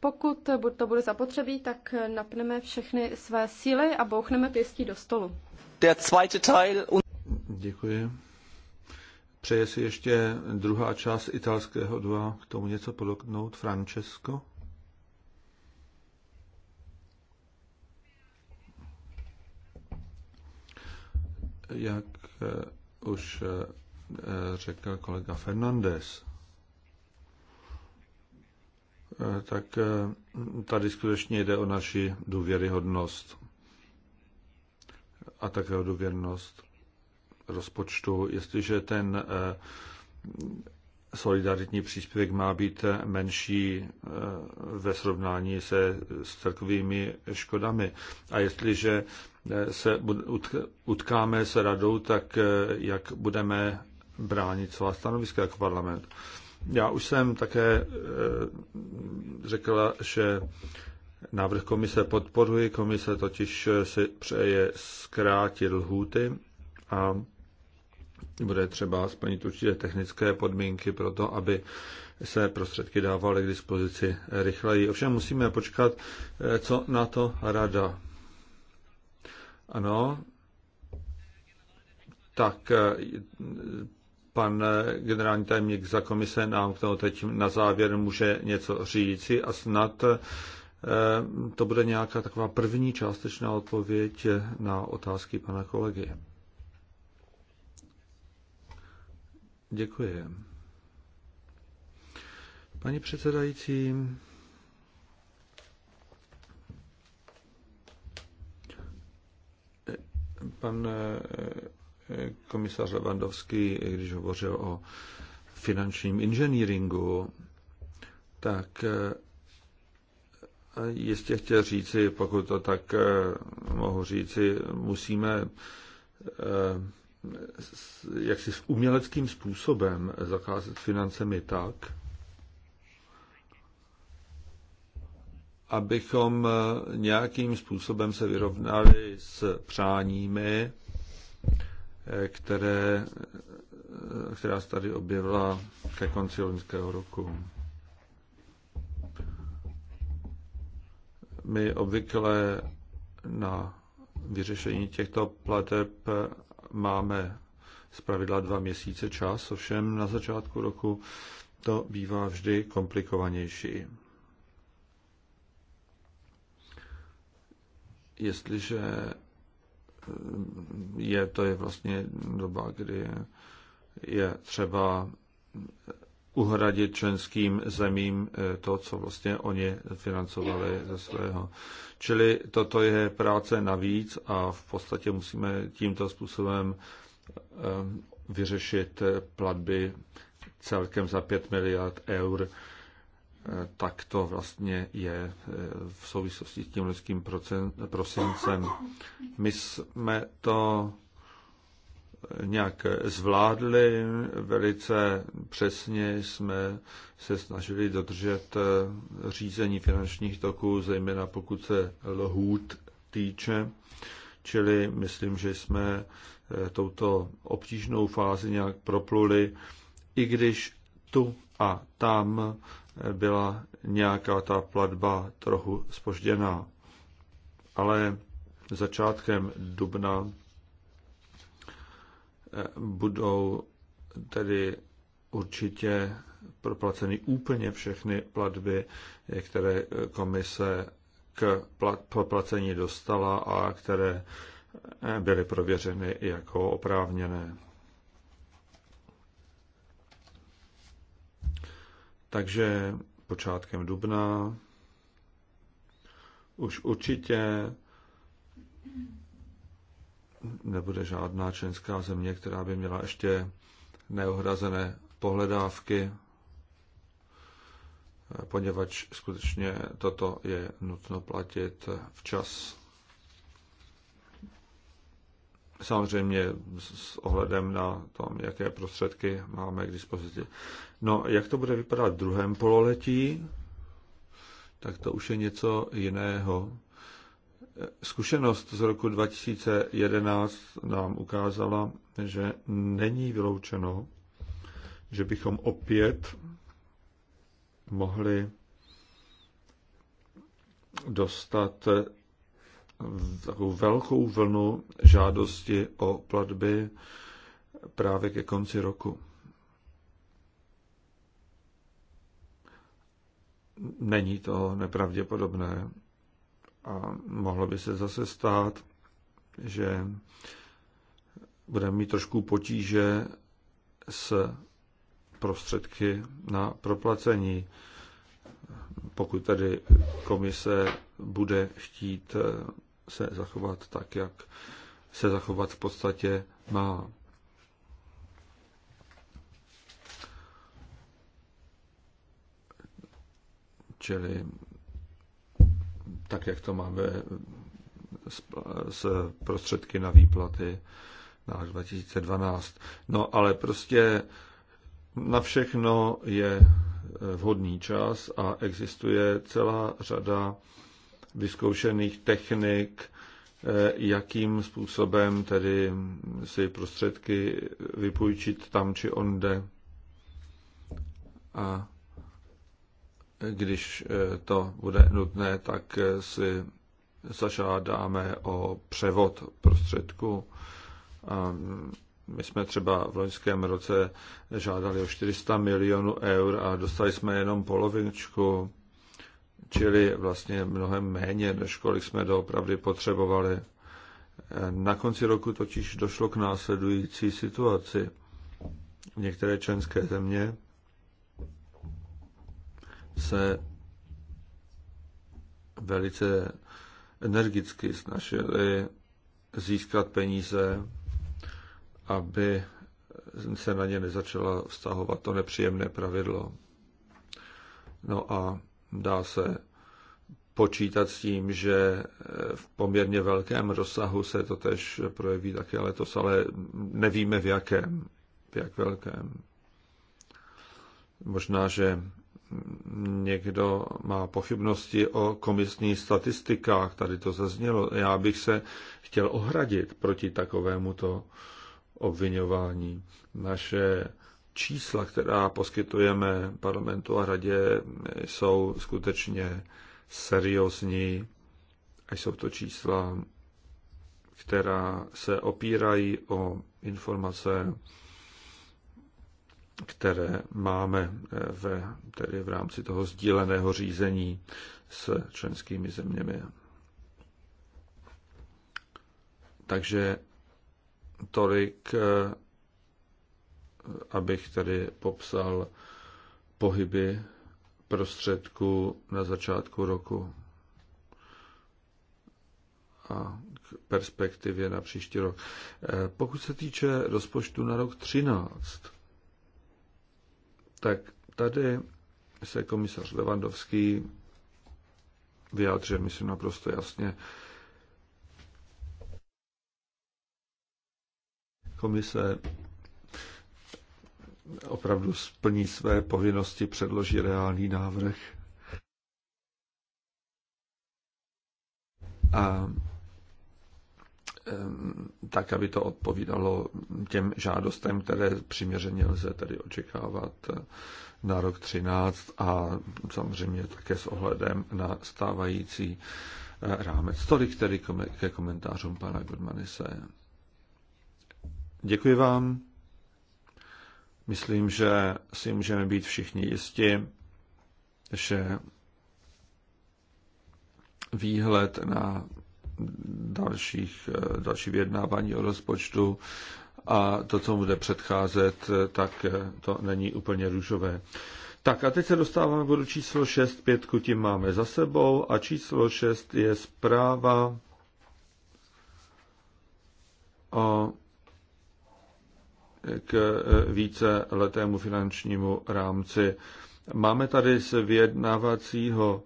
pokud to bude zapotřebí, tak napneme všechny své síly a bouchneme pěstí do stolu. Der zweite Teil Děkuji. Přeje si ještě druhá část italského dva k tomu něco podoknout, Francesco? jak eh, už eh, eh, řekl kolega Fernandez, tak tady skutečně jde o naši důvěryhodnost a také o důvěrnost rozpočtu. Jestliže ten solidaritní příspěvek má být menší eh, ve srovnání se s celkovými škodami. A jestliže eh, se utkáme s radou, tak eh, jak budeme bránit svá stanoviska jako parlament. Já už jsem také řekla, že návrh komise podporuji. Komise totiž si přeje zkrátit lhůty a bude třeba splnit určité technické podmínky pro to, aby se prostředky dávaly k dispozici rychleji. Ovšem musíme počkat, eh, co na to rada. Ano, tak eh, pan eh, generální tajemník za komise nám k tomu teď na závěr může něco říci a snad to bude nějaká taková první částečná odpověď na otázky pana kolegy. Děkuji. Paní předsedající, pan eh, komisař Lewandowski, když hovořil o finančním inženýringu, tak eh, jistě chtěl říci, pokud to tak eh, mohu říci, musíme jaksi s uměleckým způsobem zakázat financemi tak, abychom nějakým způsobem se vyrovnali s přáními, které, která se tady objevila ke konci loňského roku. My obvykle na vyřešení těchto plateb máme zpravidla dva měsíce čas, ovšem na začátku roku to bývá vždy komplikovanější. Jestliže eh, je, to je vlastně doba, kdy je třeba uhradit členským zemím eh, to, co vlastně oni financovali ze svého. Čili toto je práce navíc a v podstatě musíme tímto způsobem eh, vyřešit eh, platby celkem za 5 miliard eur. Tak to vlastně je v souvislosti s tím lidským prosincem. My jsme to nějak zvládli. Velice přesně jsme se snažili dodržet eh, řízení finančních toků, zejména pokud se lhůt týče. Čili myslím, že jsme eh, touto obtížnou fázi nějak propluli, i když tu a tam eh, byla nějaká ta platba trochu spožděná. Ale začátkem dubna budou tedy určitě proplaceny úplně všechny platby, které komise k proplacení dostala a které byly prověřeny jako oprávněné. Takže počátkem dubna už určitě nebude žádná členská země, která by měla ještě neohrazené pohledávky, poněvadž skutečně toto je nutno platit včas. Samozřejmě s ohledem na tom, jaké prostředky máme k dispozici. No, jak to bude vypadat v druhém pololetí, tak to už je něco jiného Zkušenost z roku 2011 nám ukázala, že není vyloučeno, že bychom opět mohli dostat takovou velkou vlnu žádosti o platby právě ke konci roku. Není to nepravděpodobné. A mohlo by se zase stát, že budeme mít trošku potíže s prostředky na proplacení, pokud tedy komise bude chtít se zachovat tak, jak se zachovat v podstatě má. Čili tak jak to máme s prostředky na výplaty na 2012. No ale prostě na všechno je vhodný čas a existuje celá řada vyzkoušených technik, eh, jakým způsobem tedy si prostředky vypůjčit tam či onde. A když eh, to bude nutné, tak eh, si zažádáme o převod prostředku. Mm, my jsme třeba v loňském roce žádali o 400 milionů eur a dostali jsme jenom polovinčku, čili vlastně mnohem méně, než kolik jsme doopravdy potřebovali. Eh, na konci roku totiž došlo k následující situaci. Některé členské země se velice energicky snažili získat peníze, aby se na ně nezačala vztahovat to nepříjemné pravidlo. No a dá se počítat s tím, že v poměrně velkém rozsahu se to tež projeví také letos, ale nevíme v jakém, v jak velkém. Možná, že někdo má pochybnosti o komisních statistikách, tady to zaznělo. Já bych se chtěl ohradit proti takovému to obvinování. Naše čísla, která poskytujeme parlamentu a radě, jsou skutečně seriózní a jsou to čísla, která se opírají o informace, které máme eh, v, tedy v rámci toho sdíleného řízení s členskými zeměmi. Takže tolik, eh, abych tady popsal pohyby prostředků na začátku roku a k perspektivě na příští rok. Eh, pokud se týče rozpočtu na rok 13, tak tady se komisař Levandovský vyjádřil, myslím, naprosto jasně. Komise opravdu splní své povinnosti, předloží reálný návrh. A Ehm, tak, aby to odpovídalo těm žádostem, které přiměřeně lze tedy očekávat eh, na rok 13 a samozřejmě také s ohledem na stávající eh, rámec. Tolik tedy ke komentářům pana Gudmanise. Děkuji vám. Myslím, že si můžeme být všichni jisti, že výhled na dalších, eh, další vyjednávání o rozpočtu a to, co bude předcházet, eh, tak eh, to není úplně růžové. Tak a teď se dostáváme k bodu číslo 6, pětku tím máme za sebou a číslo 6 je zpráva o k více letému finančnímu rámci. Máme tady z vyjednávacího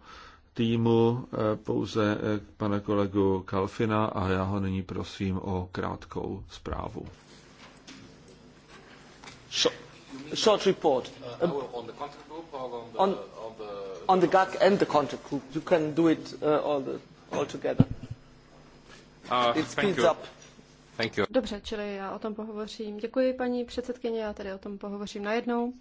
týmu eh, pouze eh, pana kolegu Kalfina a já ho nyní prosím o krátkou zprávu. short report. Uh, oh, on the GAC and the contract group. You can do it uh, all, the, all together. Uh, it speeds up. Thank you. Dobře, čili já o tom pohovořím. Děkuji, paní předsedkyně, já tedy o tom pohovořím najednou.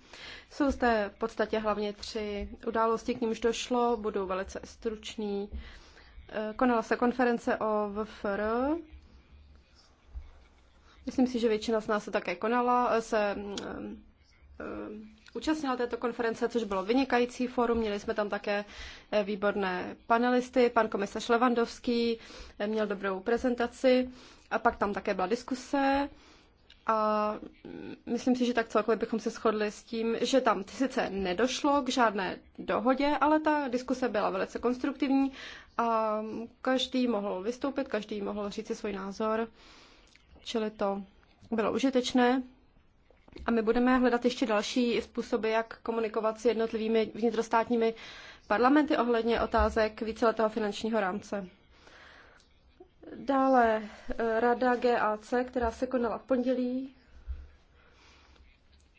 Jsou zde v podstatě hlavně tři události, k nímž došlo, budou velice stručný. Eh, konala se konference o VFR. Myslím si, že většina z nás se také konala, eh, se eh, účastnila této konference, což bylo vynikající fórum. Měli jsme tam také výborné panelisty. Pan komisař Levandovský měl dobrou prezentaci. A pak tam také byla diskuse a myslím si, že tak celkově bychom se shodli s tím, že tam sice nedošlo k žádné dohodě, ale ta diskuse byla velice konstruktivní a každý mohl vystoupit, každý mohl říct si svůj názor, čili to bylo užitečné. A my budeme hledat ještě další způsoby, jak komunikovat s jednotlivými vnitrostátními parlamenty ohledně otázek víceletého finančního rámce. Dále eh, rada GAC, která se konala v pondělí.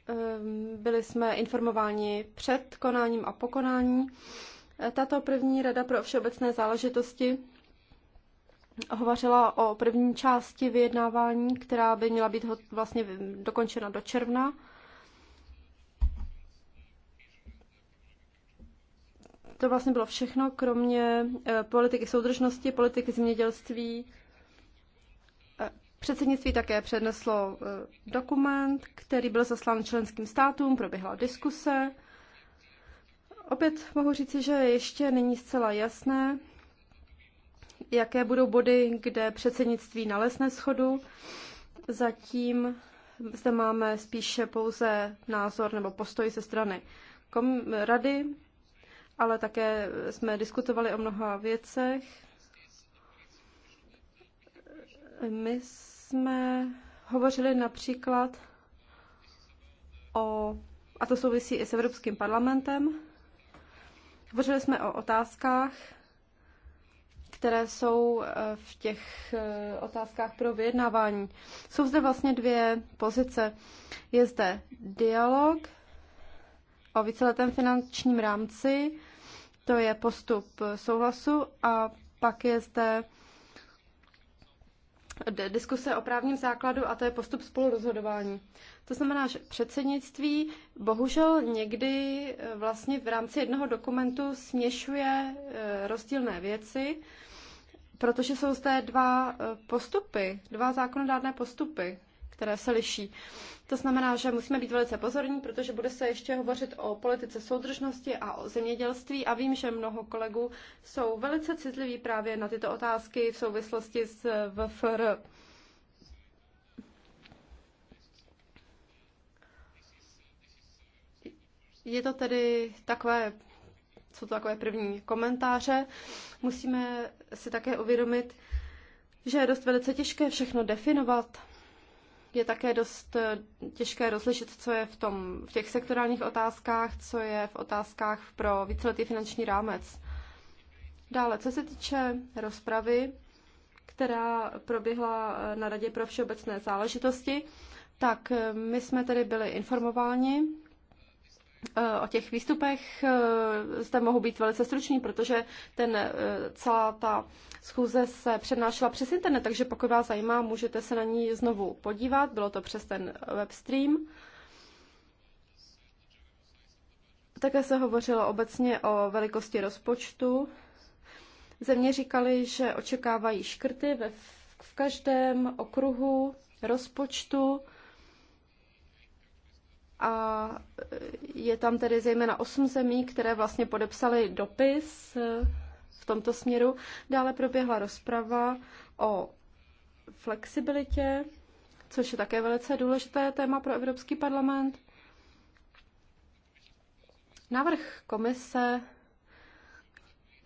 Ehm, byli jsme informováni před konáním a pokonání. Eh, tato první rada pro všeobecné záležitosti hovořila o první části vyjednávání, která by měla být vlastně dokončena do června. to vlastně bylo všechno, kromě eh, politiky soudržnosti, politiky zemědělství. Eh, předsednictví také předneslo eh, dokument, který byl zaslán členským státům, proběhla diskuse. Opět mohu říci, že ještě není zcela jasné, jaké budou body, kde předsednictví nalezne schodu. Zatím zde máme spíše pouze názor nebo postoj ze strany kom- rady ale také jsme diskutovali o mnoha věcech. My jsme hovořili například o, a to souvisí i s Evropským parlamentem, hovořili jsme o otázkách, které jsou eh, v těch eh, otázkách pro vyjednávání. Jsou zde vlastně dvě pozice. Je zde dialog, o víceletém finančním rámci, to je postup souhlasu a pak je zde diskuse o právním základu a to je postup spolurozhodování. To znamená, že předsednictví bohužel někdy eh, vlastně v rámci jednoho dokumentu směšuje eh, rozdílné věci, protože jsou zde dva eh, postupy, dva zákonodárné postupy které se liší. To znamená, že musíme být velice pozorní, protože bude se ještě hovořit o politice soudržnosti a o zemědělství a vím, že mnoho kolegů jsou velice citliví právě na tyto otázky v souvislosti s VFR. Je to tedy takové, jsou to takové první komentáře. Musíme si také uvědomit, že je dost velice těžké všechno definovat je také dost eh, těžké rozlišit, co je v, tom, v těch sektorálních otázkách, co je v otázkách pro víceletý finanční rámec. Dále, co se týče rozpravy, která proběhla eh, na Radě pro všeobecné záležitosti, tak eh, my jsme tedy byli informováni Eh, o těch výstupech eh, zde mohu být velice stručný, protože ten, eh, celá ta schůze se přednášela přes internet, takže pokud vás zajímá, můžete se na ní znovu podívat. Bylo to přes ten webstream. Také se hovořilo obecně o velikosti rozpočtu. Země říkali, že očekávají škrty ve, v každém okruhu rozpočtu a je tam tedy zejména osm zemí, které vlastně podepsaly dopis eh, v tomto směru. Dále proběhla rozprava o flexibilitě, což je také velice důležité téma pro Evropský parlament. Návrh komise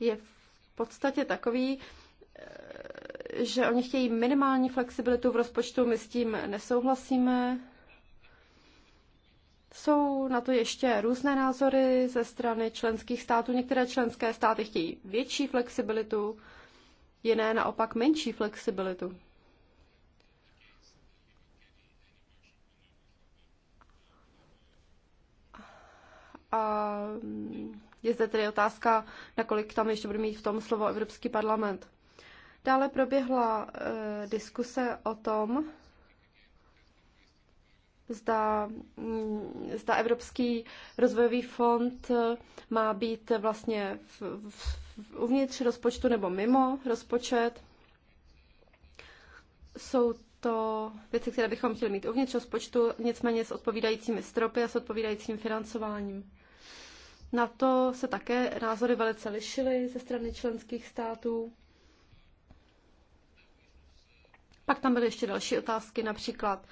je v podstatě takový, eh, že oni chtějí minimální flexibilitu v rozpočtu, my s tím nesouhlasíme, jsou na to ještě různé názory ze strany členských států. Některé členské státy chtějí větší flexibilitu, jiné naopak menší flexibilitu. A je zde tedy otázka, nakolik tam ještě bude mít v tom slovo Evropský parlament. Dále proběhla e, diskuse o tom, zda, mm, zda Evropský rozvojový fond eh, má být vlastně v, v, uvnitř rozpočtu nebo mimo rozpočet. Jsou to věci, které bychom chtěli mít uvnitř rozpočtu, nicméně s odpovídajícími stropy a s odpovídajícím financováním. Na to se také názory velice lišily ze strany členských států. Pak tam byly ještě další otázky, například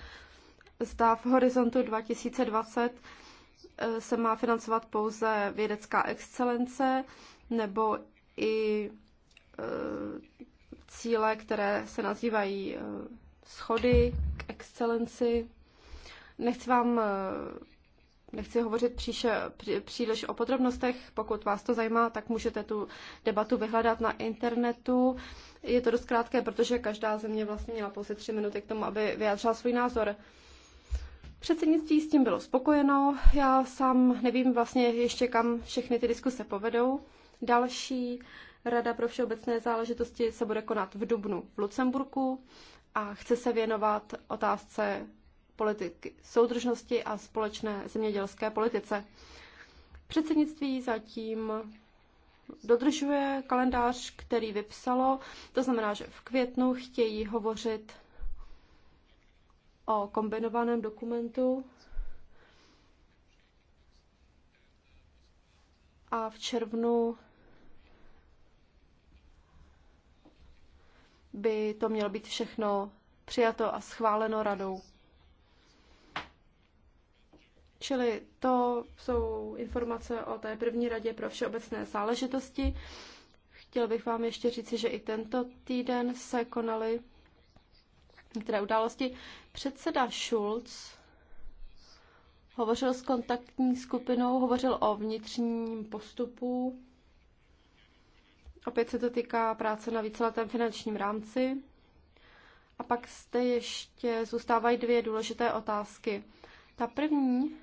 zda v horizontu 2020 eh, se má financovat pouze vědecká excelence nebo i eh, cíle, které se nazývají eh, schody k excelenci. Nechci vám nechci hovořit příše, pří, příliš o podrobnostech. Pokud vás to zajímá, tak můžete tu debatu vyhledat na internetu. Je to dost krátké, protože každá země vlastně měla pouze tři minuty k tomu, aby vyjádřila svůj názor. Předsednictví s tím bylo spokojeno. Já sám nevím vlastně ještě, kam všechny ty diskuse povedou. Další Rada pro všeobecné záležitosti se bude konat v Dubnu v Lucemburku a chce se věnovat otázce politiky soudržnosti a společné zemědělské politice. Předsednictví zatím dodržuje kalendář, který vypsalo, to znamená, že v květnu chtějí hovořit o kombinovaném dokumentu a v červnu by to mělo být všechno přijato a schváleno radou. Čili to jsou informace o té první radě pro všeobecné záležitosti. Chtěl bych vám ještě říci, že i tento týden se konaly některé události. Předseda Schulz hovořil s kontaktní skupinou, hovořil o vnitřním postupu. Opět se to týká práce na víceletém finančním rámci. A pak zde ještě zůstávají dvě důležité otázky. Ta první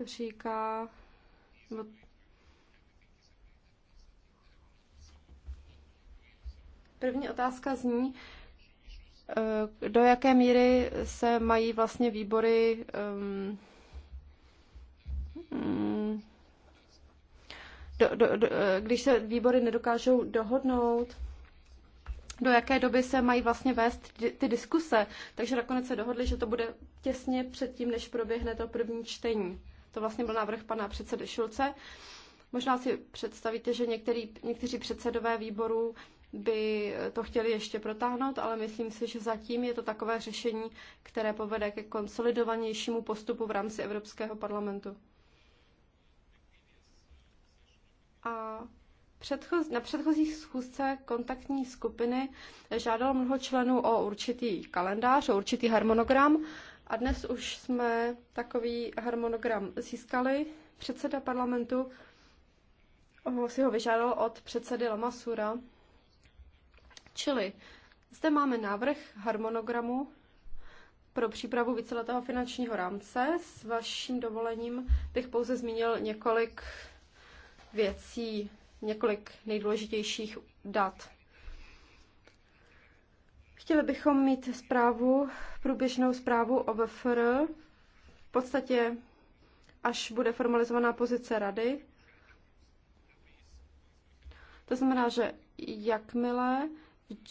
říká, První otázka zní, eh, do jaké míry se mají vlastně výbory um, do, do, do, eh, když se výbory nedokážou dohodnout, do jaké doby se mají vlastně vést ty diskuse. Takže nakonec se dohodli, že to bude těsně předtím, než proběhne to první čtení. To vlastně byl návrh pana předsedy Šulce. Možná si představíte, že některý, někteří předsedové výborů by to chtěli ještě protáhnout, ale myslím si, že zatím je to takové řešení, které povede ke konsolidovanějšímu postupu v rámci Evropského parlamentu. A předchoz, na předchozích schůzce kontaktní skupiny žádalo mnoho členů o určitý kalendář, o určitý harmonogram a dnes už jsme takový harmonogram získali. Předseda parlamentu si ho vyžádal od předsedy Lamasura, Čili zde máme návrh harmonogramu pro přípravu víceletého finančního rámce. S vaším dovolením bych pouze zmínil několik věcí, několik nejdůležitějších dat. Chtěli bychom mít zprávu, průběžnou zprávu o VFR. V podstatě, až bude formalizovaná pozice rady. To znamená, že jakmile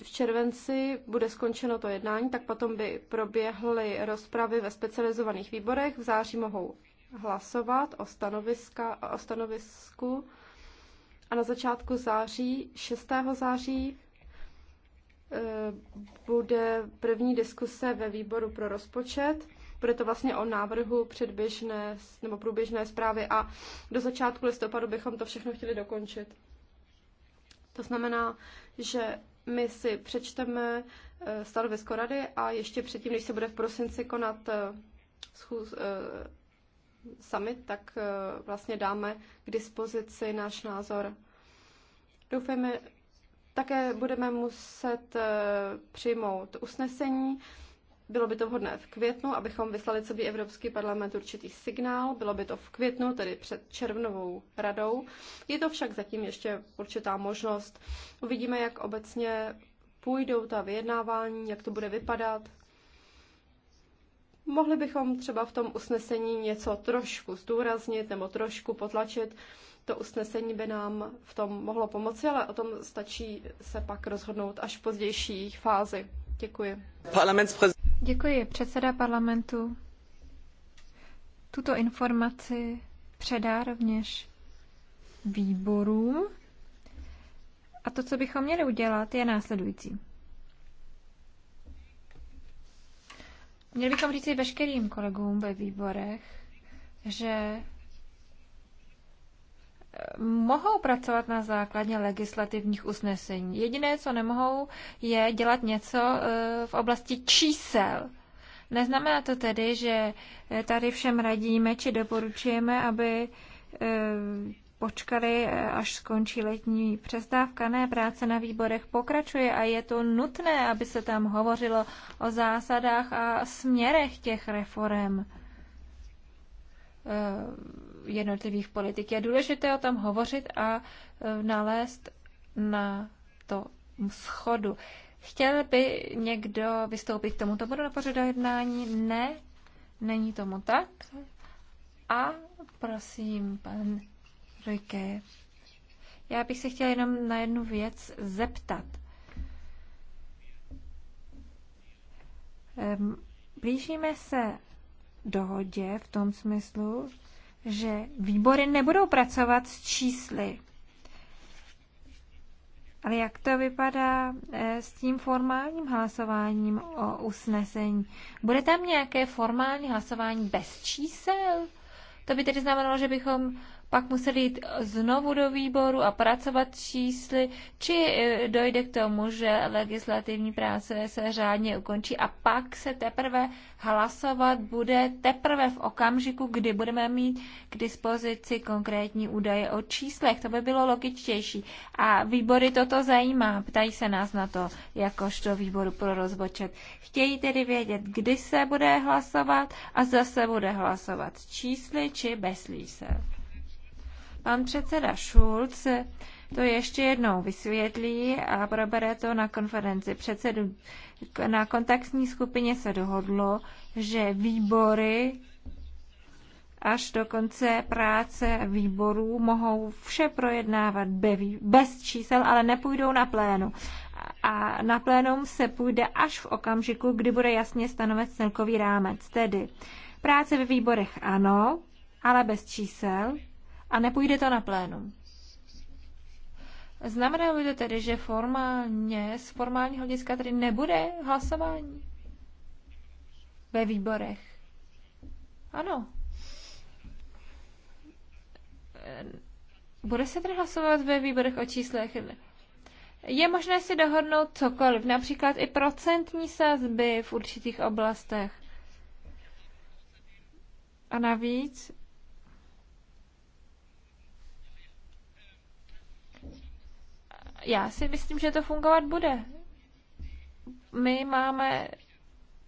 v červenci bude skončeno to jednání, tak potom by proběhly rozpravy ve specializovaných výborech. V září mohou hlasovat o, stanoviska, o stanovisku a na začátku září, 6. září, eh, bude první diskuse ve výboru pro rozpočet. Bude to vlastně o návrhu předběžné nebo průběžné zprávy a do začátku listopadu bychom to všechno chtěli dokončit. To znamená, že my si přečteme eh, stanovisko rady a ještě předtím, než se bude v prosinci konat eh, schůz, eh, summit, tak vlastně dáme k dispozici náš názor. Doufejme, také budeme muset přijmout usnesení. Bylo by to vhodné v květnu, abychom vyslali celý Evropský parlament určitý signál. Bylo by to v květnu, tedy před červnovou radou. Je to však zatím ještě určitá možnost. Uvidíme, jak obecně půjdou ta vyjednávání, jak to bude vypadat. Mohli bychom třeba v tom usnesení něco trošku zdůraznit nebo trošku potlačit. To usnesení by nám v tom mohlo pomoci, ale o tom stačí se pak rozhodnout až v pozdější fázi. Děkuji. Děkuji. Předseda parlamentu tuto informaci předá rovněž výborům. A to, co bychom měli udělat, je následující. Měli bychom říct veškerým kolegům ve výborech, že mohou pracovat na základě legislativních usnesení. Jediné, co nemohou, je dělat něco e, v oblasti čísel. Neznamená to tedy, že e, tady všem radíme či doporučujeme, aby e, počkali, až skončí letní přestávka. Ne, práce na výborech pokračuje a je to nutné, aby se tam hovořilo o zásadách a směrech těch reform jednotlivých politik. Je důležité o tom hovořit a e, nalézt na to schodu. Chtěl by někdo vystoupit k tomuto bodu na pořadu jednání? Ne, není tomu tak. A prosím, pan Rojke. Já bych se chtěla jenom na jednu věc zeptat. Blížíme se dohodě v tom smyslu, že výbory nebudou pracovat s čísly. Ale jak to vypadá eh, s tím formálním hlasováním o usnesení? Bude tam nějaké formální hlasování bez čísel? To by tedy znamenalo, že bychom pak museli jít znovu do výboru a pracovat čísly, či eh, dojde k tomu, že legislativní práce se řádně ukončí a pak se teprve hlasovat bude teprve v okamžiku, kdy budeme mít k dispozici konkrétní údaje o číslech. To by bylo logičtější. A výbory toto zajímá. Ptají se nás na to, jakožto výboru pro rozpočet. Chtějí tedy vědět, kdy se bude hlasovat a zase bude hlasovat čísly či bez se. Pan předseda Schulz to ještě jednou vysvětlí a probere to na konferenci předsedu. Na kontaktní skupině se dohodlo, že výbory až do konce práce výborů mohou vše projednávat bez čísel, ale nepůjdou na plénu. A na plénum se půjde až v okamžiku, kdy bude jasně stanovit celkový rámec. Tedy práce ve výborech ano, ale bez čísel, a nepůjde to na plénum. by to tedy, že formálně, z formálního hlediska tedy nebude hlasování ve výborech. Ano. Eh, bude se tedy hlasovat ve výborech o číslech? Je možné si dohodnout cokoliv, například i procentní sazby v určitých oblastech. A navíc já si myslím, že to fungovat bude. My máme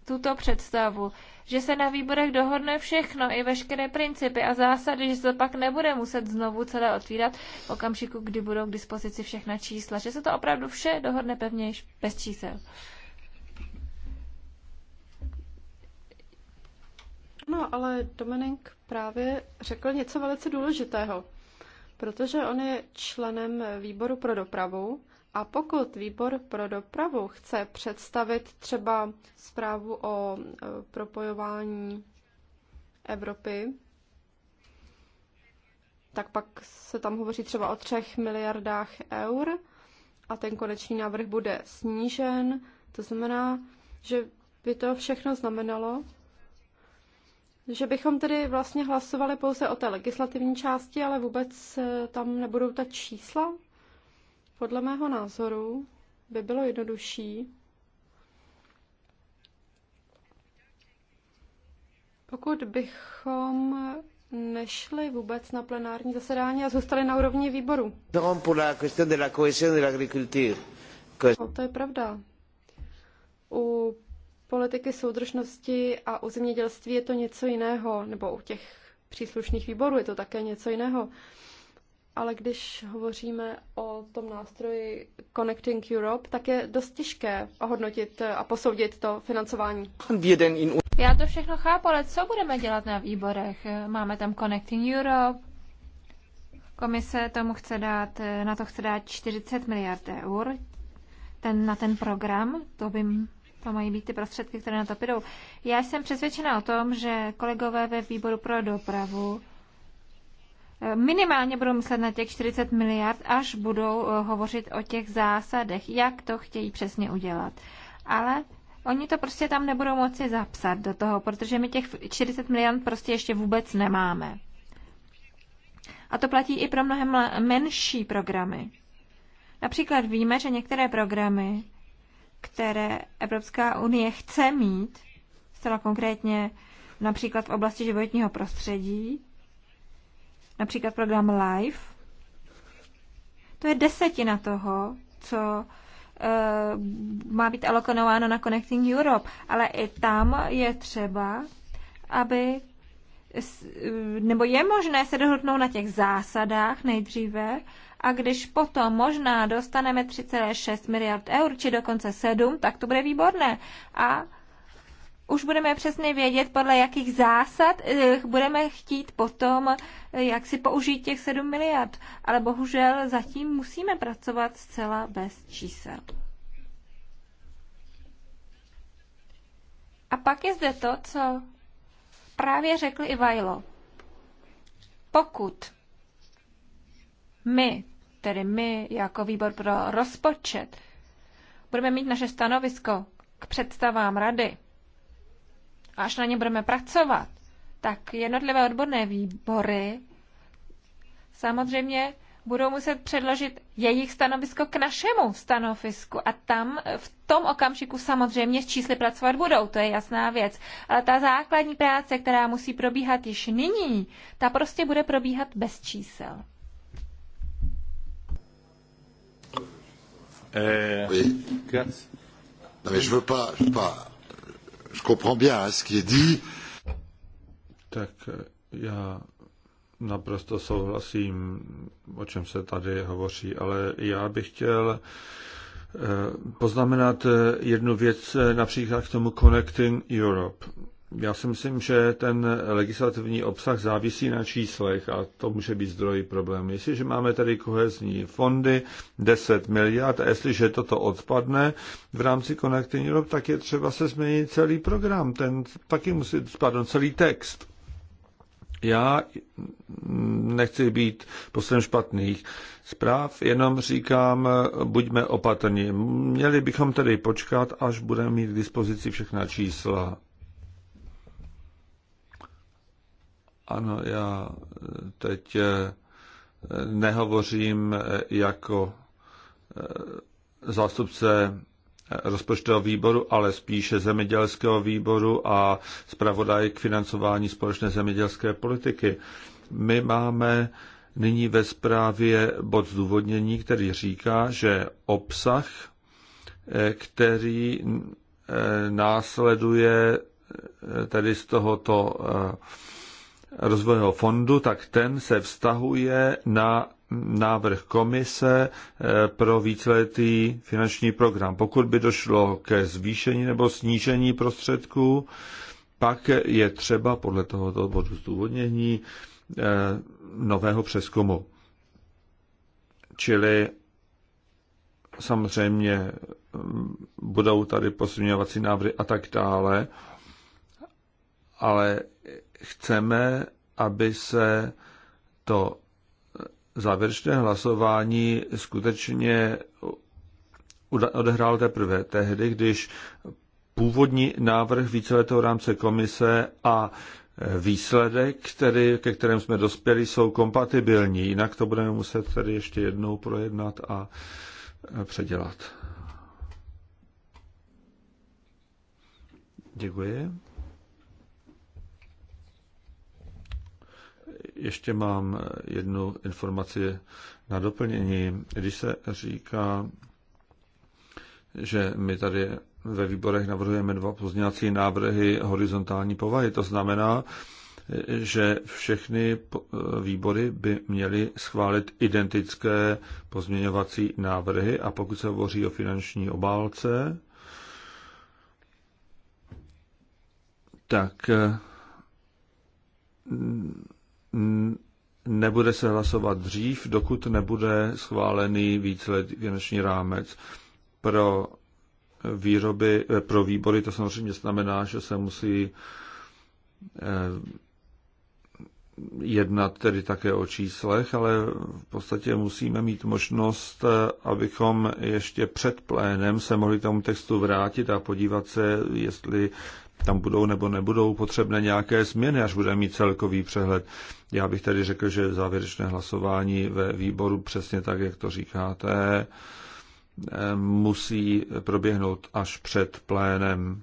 tuto představu, že se na výborech dohodne všechno, i veškeré principy a zásady, že se to pak nebude muset znovu celé otvírat v okamžiku, kdy budou k dispozici všechna čísla, že se to opravdu vše dohodne pevně bez čísel. No, ale Dominik právě řekl něco velice důležitého protože on je členem výboru pro dopravu a pokud výbor pro dopravu chce představit třeba zprávu o e, propojování Evropy, tak pak se tam hovoří třeba o třech miliardách eur a ten konečný návrh bude snížen. To znamená, že by to všechno znamenalo, že bychom tedy vlastně hlasovali pouze o té legislativní části, ale vůbec eh, tam nebudou ta čísla? Podle mého názoru by bylo jednodušší, pokud bychom nešli vůbec na plenární zasedání a zůstali na úrovni výboru. No, no to je pravda. U politiky soudržnosti a u zemědělství je to něco jiného, nebo u těch příslušných výborů je to také něco jiného. Ale když hovoříme o tom nástroji Connecting Europe, tak je dost těžké ohodnotit a posoudit to financování. Já to všechno chápu, ale co budeme dělat na výborech? Máme tam Connecting Europe, komise tomu chce dát, na to chce dát 40 miliard eur, ten, na ten program, to by to mají být ty prostředky, které na to půjdou. Já jsem přesvědčena o tom, že kolegové ve výboru pro dopravu eh, minimálně budou myslet na těch 40 miliard, až budou eh, hovořit o těch zásadech, jak to chtějí přesně udělat. Ale oni to prostě tam nebudou moci zapsat do toho, protože my těch 40 miliard prostě ještě vůbec nemáme. A to platí i pro mnohem menší programy. Například víme, že některé programy které Evropská unie chce mít, zcela konkrétně například v oblasti životního prostředí, například program LIFE, to je desetina toho, co eh, má být alokonováno na Connecting Europe, ale i tam je třeba, aby nebo je možné se dohodnout na těch zásadách nejdříve a když potom možná dostaneme 3,6 miliard eur, či dokonce 7, tak to bude výborné. A už budeme přesně vědět, podle jakých zásad eh, budeme chtít potom, eh, jak si použít těch 7 miliard. Ale bohužel zatím musíme pracovat zcela bez čísel. A pak je zde to, co právě řekl i Vajlo. Pokud my, tedy my jako výbor pro rozpočet, budeme mít naše stanovisko k představám rady a až na ně budeme pracovat, tak jednotlivé odborné výbory samozřejmě budou muset předložit jejich stanovisko k našemu stanovisku a tam eh, v tom okamžiku samozřejmě s čísly pracovat budou, to je jasná věc. Ale ta základní práce, která musí probíhat již nyní, ta prostě bude probíhat bez čísel. Eh, tak eh, já naprosto souhlasím, o čem se tady hovoří, ale já bych chtěl eh, poznamenat eh, jednu věc eh, například k tomu Connecting Europe. Já si myslím, že ten legislativní obsah závisí na číslech a to může být zdroj problémů. Jestliže máme tady kohezní fondy 10 miliard a jestliže toto odpadne v rámci Connecting Europe, tak je třeba se změnit celý program, ten taky musí spadnout celý text. Já nechci být poslem špatných zpráv, jenom říkám, buďme opatrní. Měli bychom tedy počkat, až budeme mít k dispozici všechna čísla. Ano, já teď eh, nehovořím eh, jako eh, zástupce rozpočtového výboru, ale spíše zemědělského výboru a zpravodaj k financování společné zemědělské politiky. My máme nyní ve zprávě bod zdůvodnění, který říká, že obsah, eh, který eh, následuje eh, tedy z tohoto rozvojového fondu, tak ten se vztahuje na návrh komise eh, pro víceletý finanční program. Pokud by došlo ke zvýšení nebo snížení prostředků, pak je třeba podle tohoto bodu zdůvodnění eh, nového přeskumu. Čili samozřejmě hm, budou tady posměňovací návrhy a tak dále, ale chceme, aby se to závěrečné hlasování skutečně odehrál teprve tehdy, když původní návrh víceletého rámce komise a výsledek, který, ke kterém jsme dospěli, jsou kompatibilní. Jinak to budeme muset tedy ještě jednou projednat a předělat. Děkuji. ještě mám jednu informaci na doplnění. Když se říká, že my tady ve výborech navrhujeme dva pozměňovací návrhy horizontální povahy, to znamená, že všechny výbory by měly schválit identické pozměňovací návrhy a pokud se hovoří o finanční obálce, tak nebude se hlasovat dřív, dokud nebude schválený víceletý věnoční rámec. Pro výroby, eh, pro výbory to samozřejmě znamená, že se musí eh, jednat tedy také o číslech, ale v podstatě musíme mít možnost, eh, abychom ještě před plénem se mohli tomu textu vrátit a podívat se, jestli tam budou nebo nebudou potřebné nějaké změny, až budeme mít celkový přehled. Já bych tedy řekl, že závěrečné hlasování ve výboru, přesně tak, jak to říkáte, eh, musí proběhnout až před plénem,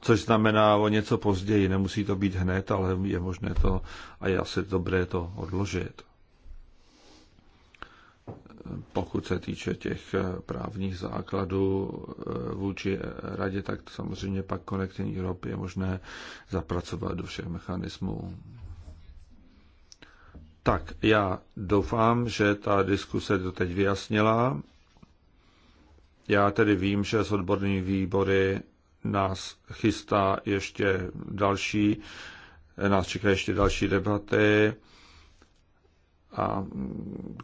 což znamená o něco později. Nemusí to být hned, ale je možné to a je asi dobré to odložit pokud se týče těch eh, právních základů eh, vůči radě, tak samozřejmě pak Connecting Europe je možné zapracovat do všech mechanismů. Tak, já doufám, že ta diskuse to teď vyjasnila. Já tedy vím, že s odbornými výbory nás chystá ještě další, nás čeká ještě další debaty a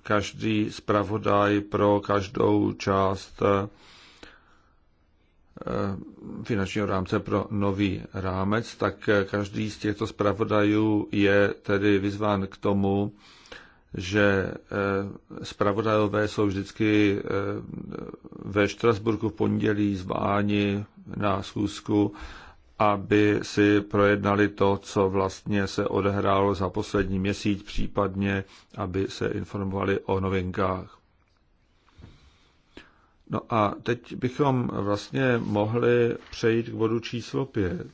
každý zpravodaj pro každou část eh, finančního rámce pro nový rámec, tak eh, každý z těchto zpravodajů je tedy vyzván k tomu, že eh, zpravodajové jsou vždycky ve Štrasburku v pondělí zváni na schůzku aby si projednali to, co vlastně se odehrálo za poslední měsíc, případně aby se informovali o novinkách. No a teď bychom vlastně mohli přejít k bodu číslo pět,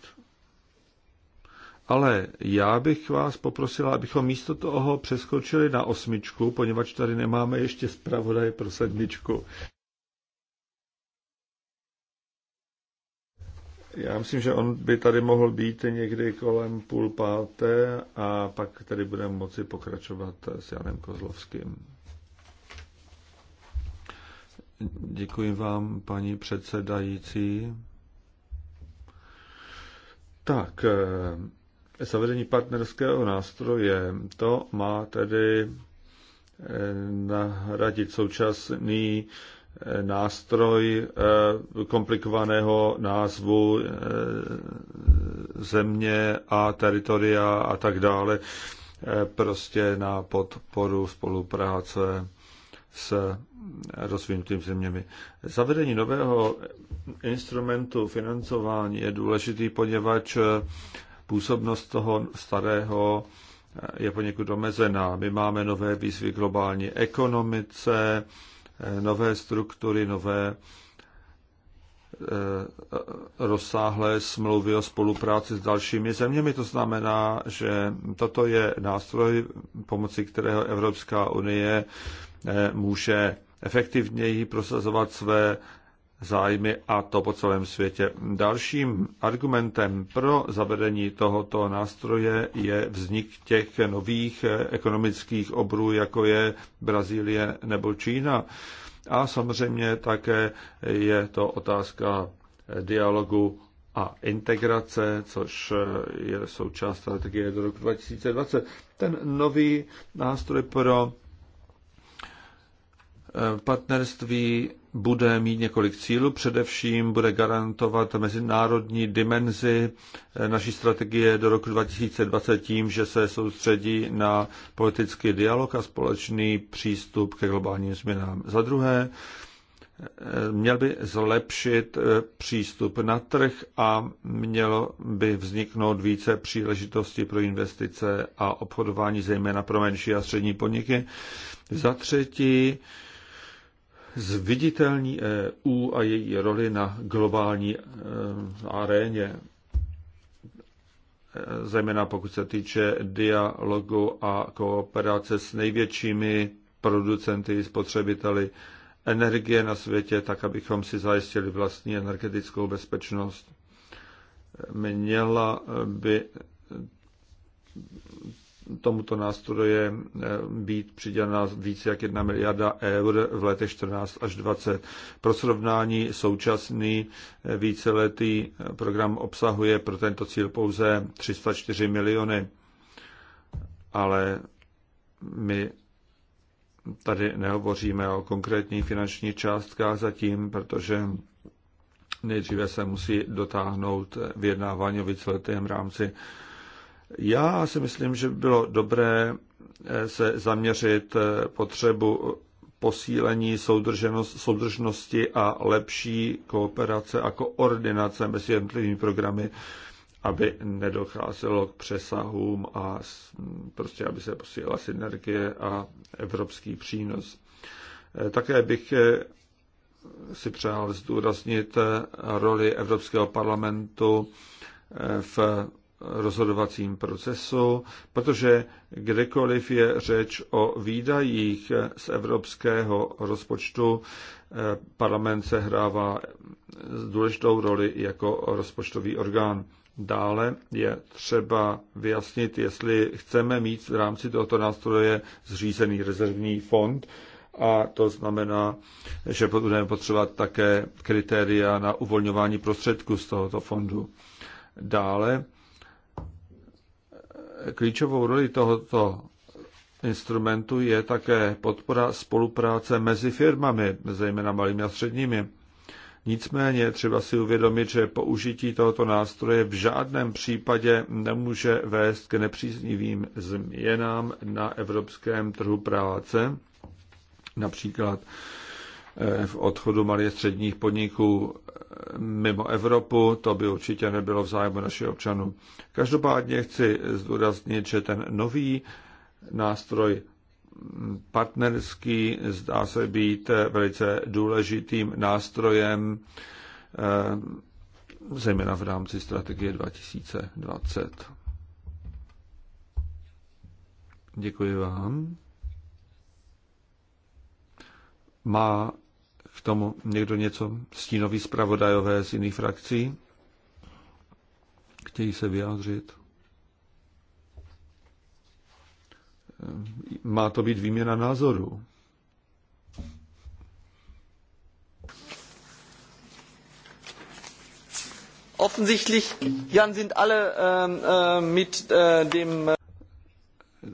Ale já bych vás poprosila, abychom místo toho přeskočili na osmičku, poněvadž tady nemáme ještě zpravodaj pro sedmičku. Já myslím, že on by tady mohl být někdy kolem půl páté a pak tady budeme moci pokračovat s Janem Kozlovským. Děkuji vám, paní předsedající. Tak, eh, zavedení partnerského nástroje, to má tedy eh, nahradit současný nástroj eh, komplikovaného názvu eh, země a teritoria a tak dále, eh, prostě na podporu spolupráce s rozvinutými zeměmi. Zavedení nového instrumentu financování je důležitý, poněvadž působnost toho starého je poněkud omezená. My máme nové výzvy globální ekonomice, Eh, nové struktury, nové eh, rozsáhlé smlouvy o spolupráci s dalšími zeměmi. To znamená, že toto je nástroj, pomocí kterého Evropská unie eh, může efektivněji prosazovat své zájmy a to po celém světě. Dalším argumentem pro zavedení tohoto nástroje je vznik těch nových ekonomických obrů, jako je Brazílie nebo Čína. A samozřejmě také je to otázka dialogu a integrace, což je součást strategie do roku 2020. Ten nový nástroj pro Partnerství bude mít několik cílů, především bude garantovat mezinárodní dimenzi naší strategie do roku 2020 tím, že se soustředí na politický dialog a společný přístup ke globálním změnám. Za druhé, měl by zlepšit přístup na trh a mělo by vzniknout více příležitostí pro investice a obchodování, zejména pro menší a střední podniky. Za třetí, zviditelní EU a její roli na globální eh, aréně, eh, zejména pokud se týče dialogu a kooperace s největšími producenty, spotřebiteli energie na světě, tak abychom si zajistili vlastní energetickou bezpečnost. Měla by tomuto nástroje eh, být přidělena více jak 1 miliarda eur v letech 14 až 20. Pro srovnání současný eh, víceletý eh, program obsahuje pro tento cíl pouze 304 miliony, ale my tady nehovoříme o konkrétních finančních částkách zatím, protože nejdříve se musí dotáhnout vyjednávání o víceletém rámci já si myslím, že by bylo dobré eh, se zaměřit eh, potřebu eh, posílení soudržnosti a lepší kooperace a koordinace mezi jednotlivými programy, aby nedocházelo k přesahům a prostě aby se posílila synergie a evropský přínos. Také bych si přál zdůraznit roli Evropského parlamentu v rozhodovacím procesu, protože kdekoliv je řeč o výdajích z evropského rozpočtu, eh, parlament se sehrává důležitou roli jako rozpočtový orgán. Dále je třeba vyjasnit, jestli chceme mít v rámci tohoto nástroje zřízený rezervní fond, a to znamená, že budeme potřebovat také kritéria na uvolňování prostředků z tohoto fondu. Dále Klíčovou roli tohoto instrumentu je také podpora spolupráce mezi firmami, zejména malými a středními. Nicméně třeba si uvědomit, že použití tohoto nástroje v žádném případě nemůže vést k nepříznivým změnám na evropském trhu práce, například eh, v odchodu malých středních podniků mimo Evropu, to by určitě nebylo v zájmu našich občanů. Každopádně chci zdůraznit, že ten nový nástroj partnerský zdá se být velice důležitým nástrojem, eh, zejména v rámci strategie 2020. Děkuji vám. Má k tomu někdo něco stínový zpravodajové z jiných frakcí? Chtějí se vyjádřit? Má to být výměna názorů. offensichtlich Jan sind alle ähm, äh, mit äh, dem äh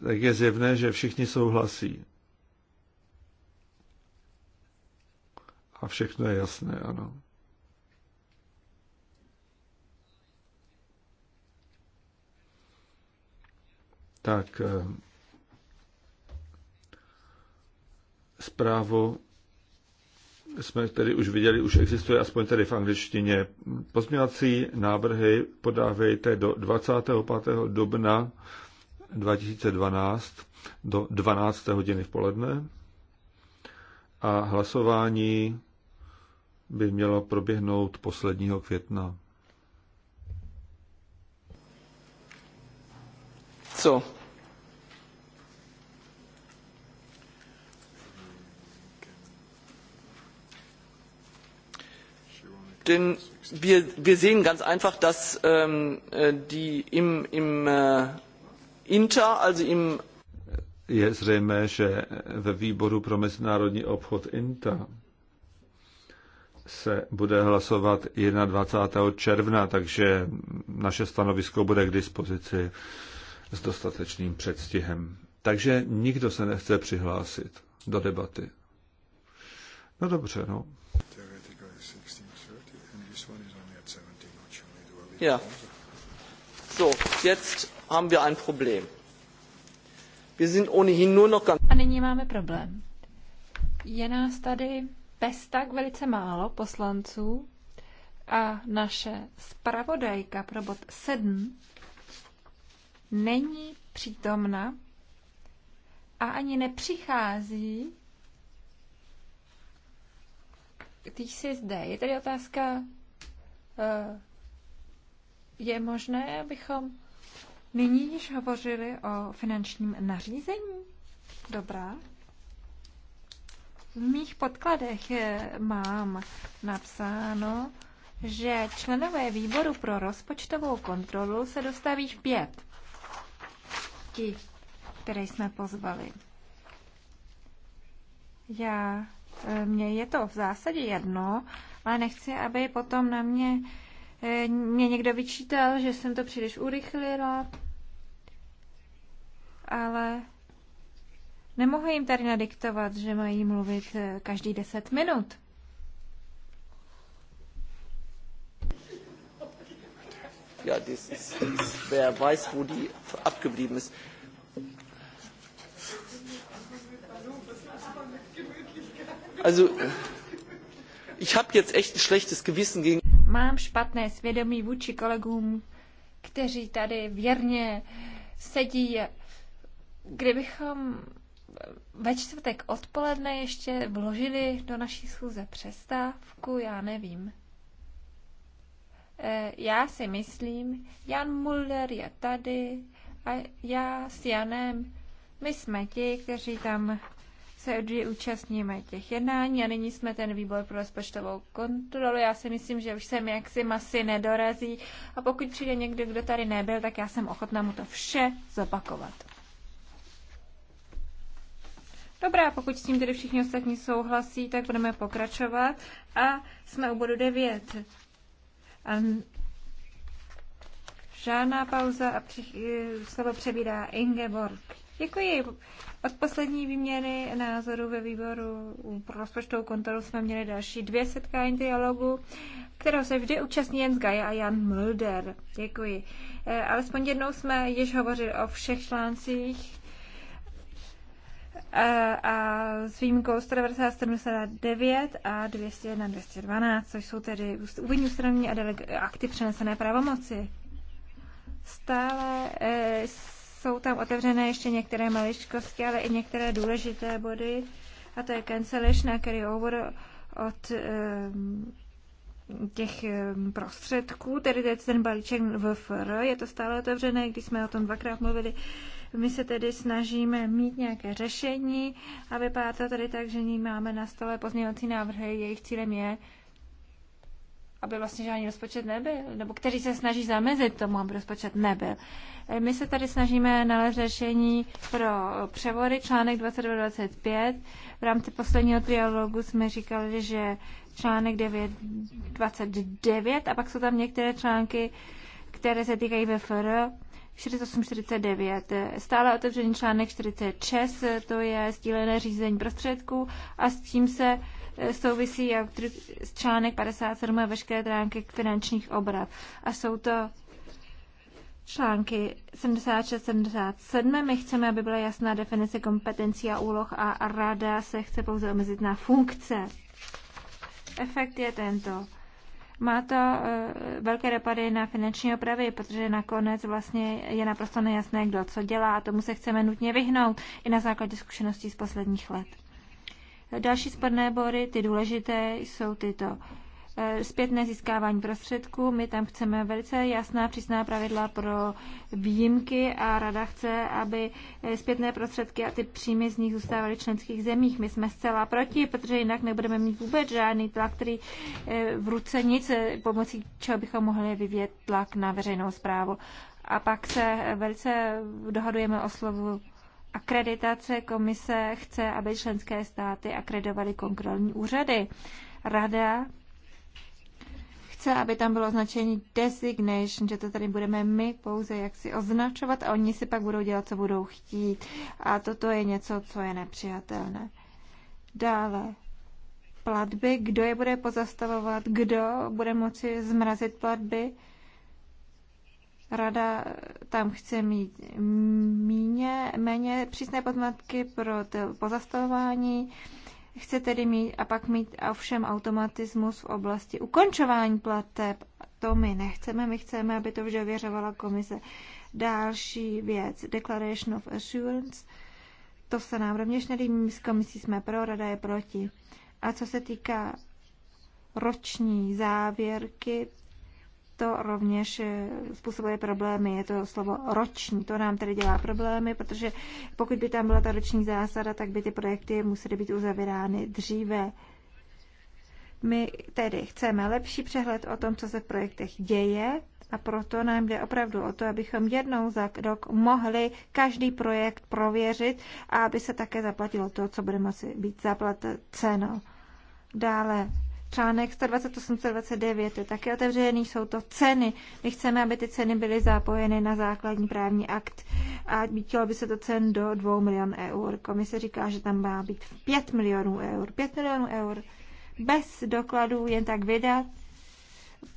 tak je zjevné, že všichni souhlasí. všechno je jasné, ano. Tak eh, zprávu jsme tedy už viděli, už existuje aspoň tedy v angličtině. Pozměňovací návrhy podávejte do 25. dubna 2012 do 12. hodiny v poledne a hlasování by mělo proběhnout posledního května. Co? Denn wir, wir sehen ganz einfach, dass ähm, äh, die im, im äh, Inter, also im je zřejmé, že ve výboru pro mezinárodní obchod INTA se bude hlasovat 21. června, takže naše stanovisko bude k dispozici s dostatečným předstihem. Takže nikdo se nechce přihlásit do debaty. No dobře, no. Ja. So, jetzt haben wir ein Problem. Wir sind ohnehin nur noch ganz... A nyní máme problém. Je nás tady bez tak velice málo poslanců a naše spravodajka pro bod 7 není přítomna a ani nepřichází. Když si zde, je tady otázka, eh, je možné, abychom nyní již hovořili o finančním nařízení? Dobrá. V mých podkladech eh, mám napsáno, že členové výboru pro rozpočtovou kontrolu se dostaví v pět. Ti, které jsme pozvali. Já, eh, mně je to v zásadě jedno, ale nechci, aby potom na mě, eh, mě někdo vyčítal, že jsem to příliš urychlila, ale Nemohu jim tady nadiktovat, že mají mluvit eh, každý deset minut. Ja, das ist, ist, wer weiß, wo die abgeblieben ist. Also, ich habe jetzt echt ein schlechtes Gewissen gegen. Mám špatné svědomí vůči kolegům, kteří tady věrně sedí. Kdybychom ve čtvrtek odpoledne ještě vložili do naší schůze přestávku, já nevím. Eh, já si myslím, Jan Muller je tady a já s Janem, my jsme ti, kteří tam se vždy účastníme těch jednání a nyní jsme ten výbor pro rozpočtovou kontrolu. Já si myslím, že už sem jaksi masy nedorazí a pokud přijde někdo, kdo tady nebyl, tak já jsem ochotná mu to vše zopakovat. Dobrá, pokud s tím tedy všichni ostatní souhlasí, tak budeme pokračovat. A jsme u bodu 9. A žádná pauza a při, eh, slovo přebírá Ingeborg. Děkuji. Od poslední výměny názorů ve výboru pro rozpočtovou kontrolu jsme měli další dvě setkání dialogu, kterého se vždy účastní Jens Gaja a Jan Mulder. Děkuji. Eh, alespoň jednou jsme již hovořili o všech článcích a s výjimkou 199 a 201 212, což jsou tedy úvodní ustanovení a akty přenesené pravomoci. Stále e, jsou tam otevřené ještě některé maličkosti, ale i některé důležité body, a to je cancellation a carry over od e, těch e, prostředků, tedy teď ten balíček VFR, je to stále otevřené, když jsme o tom dvakrát mluvili, my se tedy snažíme mít nějaké řešení a vypadá to tedy tak, že máme na stole pozměňovací návrhy, jejich cílem je aby vlastně žádný rozpočet nebyl, nebo kteří se snaží zamezit tomu, aby rozpočet nebyl. Eh, my se tady snažíme nalézt řešení pro převody článek 2225. V rámci posledního trialogu jsme říkali, že článek 929 a pak jsou tam některé články, které se týkají VFR, 48-49. Stále otevřený článek 46, to je sdílené řízení prostředků a s tím se eh, souvisí jak článek 57 a veškeré tránky k finančních obrad. A jsou to články 76-77. My chceme, aby byla jasná definice kompetencí a úloh a rada se chce pouze omezit na funkce. Efekt je tento. Má to e, velké dopady na finanční opravy, protože nakonec vlastně je naprosto nejasné, kdo co dělá a tomu se chceme nutně vyhnout i na základě zkušeností z posledních let. Další sporné bory, ty důležité, jsou tyto. Eh, zpětné získávání prostředků. My tam chceme velice jasná, přísná pravidla pro výjimky a rada chce, aby eh, zpětné prostředky a ty příjmy z nich zůstávaly v členských zemích. My jsme zcela proti, protože jinak nebudeme mít vůbec žádný tlak, který eh, v ruce nic, pomocí čeho bychom mohli vyvět tlak na veřejnou zprávu. A pak se velice dohadujeme o slovu akreditace. Komise chce, aby členské státy akreditovaly kontrolní úřady. Rada chce, aby tam bylo označení designation, že to tady budeme my pouze jaksi označovat a oni si pak budou dělat, co budou chtít. A toto je něco, co je nepřijatelné. Dále platby, kdo je bude pozastavovat, kdo bude moci zmrazit platby. Rada tam chce mít míně, méně přísné podmatky pro pozastavování. Chce tedy mít a pak mít ovšem automatismus v oblasti ukončování plateb. To my nechceme, my chceme, aby to vždy ověřovala komise. Další věc, Declaration of Assurance, to se nám rovněž nelíbí, s komisí jsme pro, rada je proti. A co se týká roční závěrky, to rovněž eh, způsobuje problémy. Je to slovo roční, to nám tedy dělá problémy, protože pokud by tam byla ta roční zásada, tak by ty projekty musely být uzavírány dříve. My tedy chceme lepší přehled o tom, co se v projektech děje a proto nám jde opravdu o to, abychom jednou za rok mohli každý projekt prověřit a aby se také zaplatilo to, co bude moci být zaplaceno. Dále článek 128-129 je také otevřený, jsou to ceny. My chceme, aby ty ceny byly zapojeny na základní právní akt a býtilo by se to cen do 2 milionů eur. Komise říká, že tam má být 5 milionů eur. 5 milionů eur bez dokladů jen tak vydat,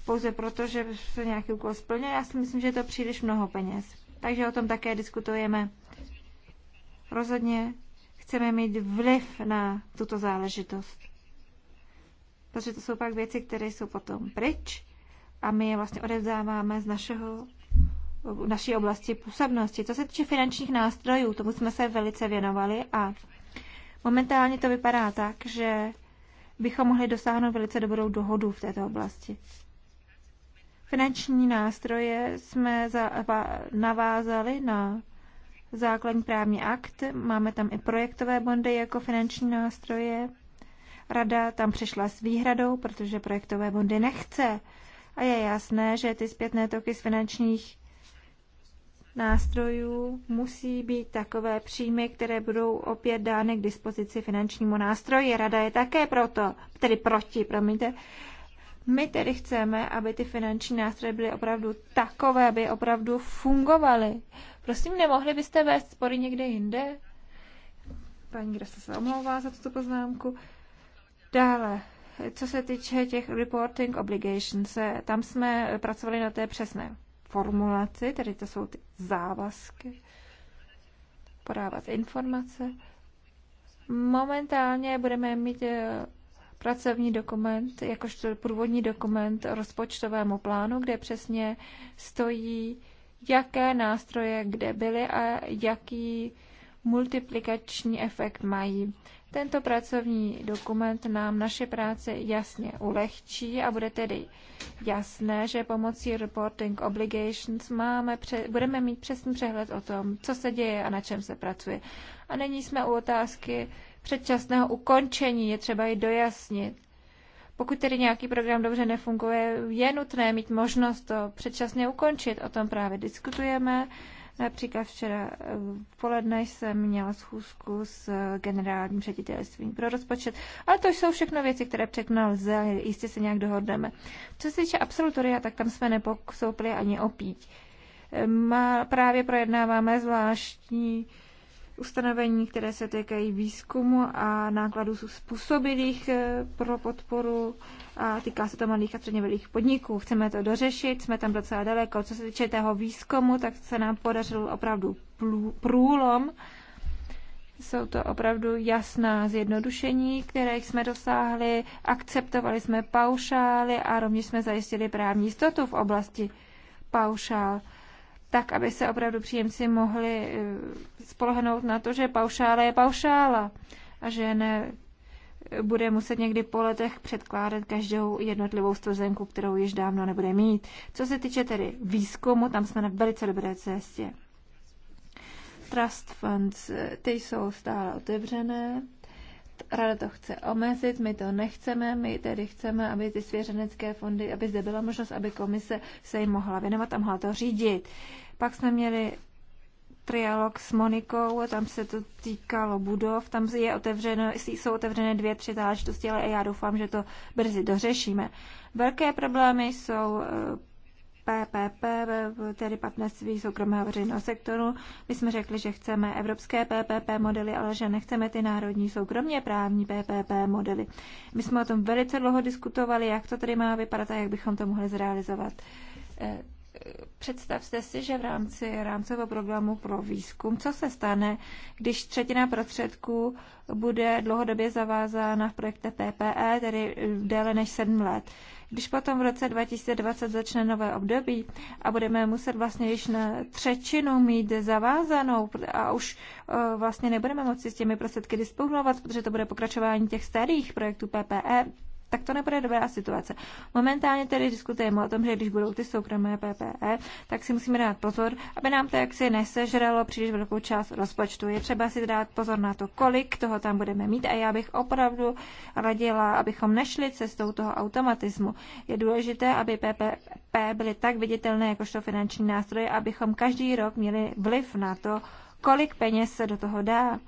pouze proto, že se nějaký úkol splnil. Já si myslím, že je to příliš mnoho peněz. Takže o tom také diskutujeme. Rozhodně chceme mít vliv na tuto záležitost protože to jsou pak věci, které jsou potom pryč a my je vlastně odevzdáváme z našeho naší oblasti působnosti. Co se týče finančních nástrojů, tomu jsme se velice věnovali a momentálně to vypadá tak, že bychom mohli dosáhnout velice dobrou dohodu v této oblasti. Finanční nástroje jsme navázali na základní právní akt, máme tam i projektové bondy jako finanční nástroje. Rada tam přišla s výhradou, protože projektové bondy nechce. A je jasné, že ty zpětné toky z finančních nástrojů musí být takové příjmy, které budou opět dány k dispozici finančnímu nástroji. Rada je také proto, tedy proti, promiňte. My tedy chceme, aby ty finanční nástroje byly opravdu takové, aby opravdu fungovaly. Prosím, nemohli byste vést spory někde jinde? Paní Grasa se omlouvá za tuto poznámku. Dále, co se týče těch reporting obligations, tam jsme pracovali na té přesné formulaci, tedy to jsou ty závazky, podávat informace. Momentálně budeme mít eh, pracovní dokument, jakožto průvodní dokument rozpočtovému plánu, kde přesně stojí, jaké nástroje kde byly a jaký multiplikační efekt mají. Tento pracovní dokument nám naše práce jasně ulehčí a bude tedy jasné, že pomocí reporting obligations máme, pře- budeme mít přesný přehled o tom, co se děje a na čem se pracuje. A nyní jsme u otázky předčasného ukončení, je třeba ji dojasnit. Pokud tedy nějaký program dobře nefunguje, je nutné mít možnost to předčasně ukončit. O tom právě diskutujeme Například včera eh, v poledne jsem měla schůzku s eh, generálním ředitelstvím pro rozpočet, ale to jsou všechno věci, které překonal lze, jistě se nějak dohodneme. Co se týče absolutoria, tak tam jsme nepokoupili ani opít. Eh, má, právě projednáváme zvláštní ustanovení, které se týkají výzkumu a nákladů způsobilých eh, pro podporu a týká se to malých a středně velkých podniků. Chceme to dořešit, jsme tam docela daleko. Co se týče toho výzkumu, tak se nám podařilo opravdu průlom. Jsou to opravdu jasná zjednodušení, které jsme dosáhli, akceptovali jsme paušály a rovněž jsme zajistili právní jistotu v oblasti paušál tak aby se opravdu příjemci mohli eh, spolehnout na to, že paušála je paušála a že ne bude muset někdy po letech předkládat každou jednotlivou stvrzenku, kterou již dávno nebude mít. Co se týče tedy výzkumu, tam jsme na velice dobré cestě. Trust funds, eh, ty jsou stále otevřené Rada to chce omezit, my to nechceme, my tedy chceme, aby ty svěřenecké fondy, aby zde byla možnost, aby komise se jim mohla věnovat a mohla to řídit. Pak jsme měli trialog s Monikou, tam se to týkalo budov, tam je otevřeno, jsou otevřené dvě, tři záležitosti, ale já doufám, že to brzy dořešíme. Velké problémy jsou eh, PPP, tedy partnerství soukromého veřejného sektoru. My jsme řekli, že chceme evropské PPP modely, ale že nechceme ty národní soukromě právní PPP modely. My jsme o tom velice dlouho diskutovali, jak to tady má vypadat a jak bychom to mohli zrealizovat. Eh, představte si, že v rámci rámcového programu pro výzkum, co se stane, když třetina prostředků bude dlouhodobě zavázána v projekte PPE, tedy déle než 7 let. Když potom v roce 2020 začne nové období a budeme muset vlastně již na třetinu mít zavázanou a už e, vlastně nebudeme moci s těmi prostředky disponovat, protože to bude pokračování těch starých projektů PPE, tak to nebude dobrá situace. Momentálně tedy diskutujeme o tom, že když budou ty soukromé PPE, tak si musíme dát pozor, aby nám to jaksi nesežralo příliš velkou část rozpočtu. Je třeba si dát pozor na to, kolik toho tam budeme mít a já bych opravdu radila, abychom nešli cestou toho automatismu. Je důležité, aby PPP byly tak viditelné jakožto finanční nástroje, abychom každý rok měli vliv na to, kolik peněz se do toho dá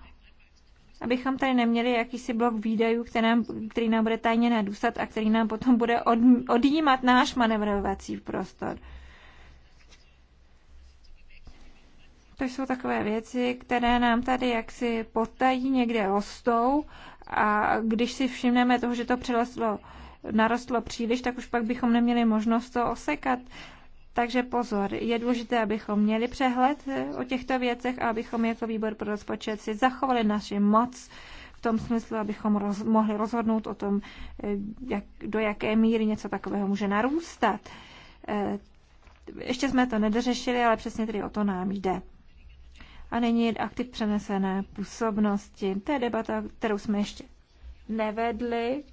abychom tady neměli jakýsi blok výdajů, který nám, který nám bude tajně nadůstat a který nám potom bude od, odjímat náš manevrovací prostor. To jsou takové věci, které nám tady jaksi potají, někde rostou a když si všimneme toho, že to přirostlo narostlo příliš, tak už pak bychom neměli možnost to osekat. Takže pozor, je důležité, abychom měli přehled eh, o těchto věcech a abychom jako výbor pro rozpočet si zachovali naši moc v tom smyslu, abychom roz, mohli rozhodnout o tom, eh, jak, do jaké míry něco takového může narůstat. Eh, ještě jsme to nedořešili, ale přesně tedy o to nám jde. A není aktiv přenesené působnosti. To je debata, kterou jsme ještě nevedli,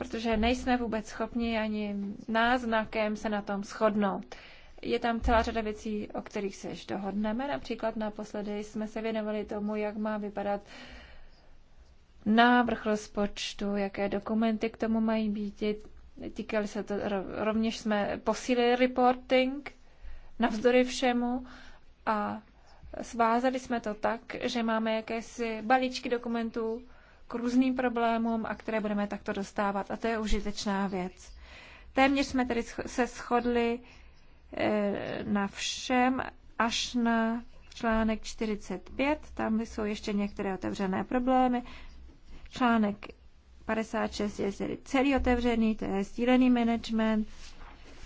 protože nejsme vůbec schopni ani náznakem se na tom shodnout. Je tam celá řada věcí, o kterých se ještě dohodneme. Například naposledy jsme se věnovali tomu, jak má vypadat návrh rozpočtu, jaké dokumenty k tomu mají být. Týkali se to, rovněž jsme posílili reporting navzdory všemu a svázali jsme to tak, že máme jakési balíčky dokumentů, k různým problémům a které budeme takto dostávat. A to je užitečná věc. Téměř jsme tedy se shodli eh, na všem až na článek 45, tam jsou ještě některé otevřené problémy. Článek 56 je celý otevřený, to je sdílený management,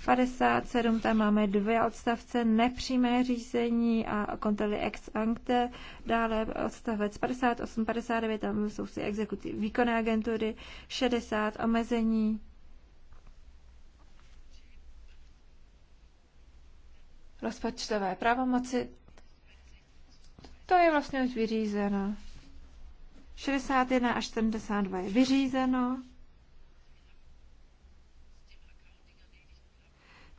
57, tam máme dvě odstavce nepřímé řízení a kontroly ex ante, dále odstavec 58, 59, tam jsou si exekutivní výkonné agentury, 60 omezení rozpočtové pravomoci. To je vlastně už vyřízeno. 61 až 72 je vyřízeno.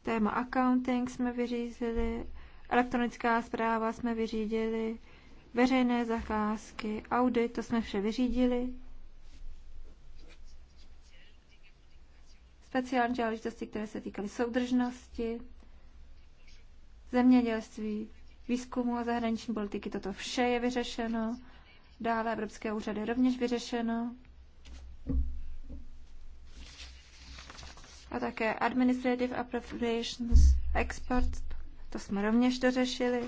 téma accounting jsme vyřízili, elektronická zpráva jsme vyřídili, veřejné zakázky, audit, to jsme vše vyřídili. Speciální záležitosti, které se týkaly soudržnosti, zemědělství, výzkumu a zahraniční politiky, toto vše je vyřešeno. Dále Evropské úřady rovněž vyřešeno. a také Administrative Appropriations Export, to jsme rovněž dořešili.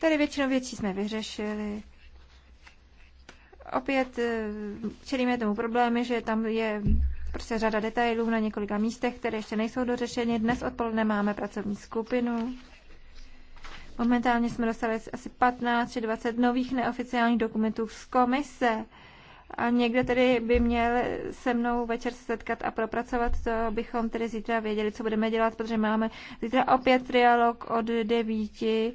Tady většinou věcí jsme vyřešili. Opět eh, čelíme tomu problémy, že tam je prostě řada detailů na několika místech, které ještě nejsou dořešeny. Dnes odpoledne máme pracovní skupinu. Momentálně jsme dostali asi 15 či 20 nových neoficiálních dokumentů z komise a někde tedy by měl se mnou večer setkat a propracovat to, abychom tedy zítra věděli, co budeme dělat, protože máme zítra opět trialog od devíti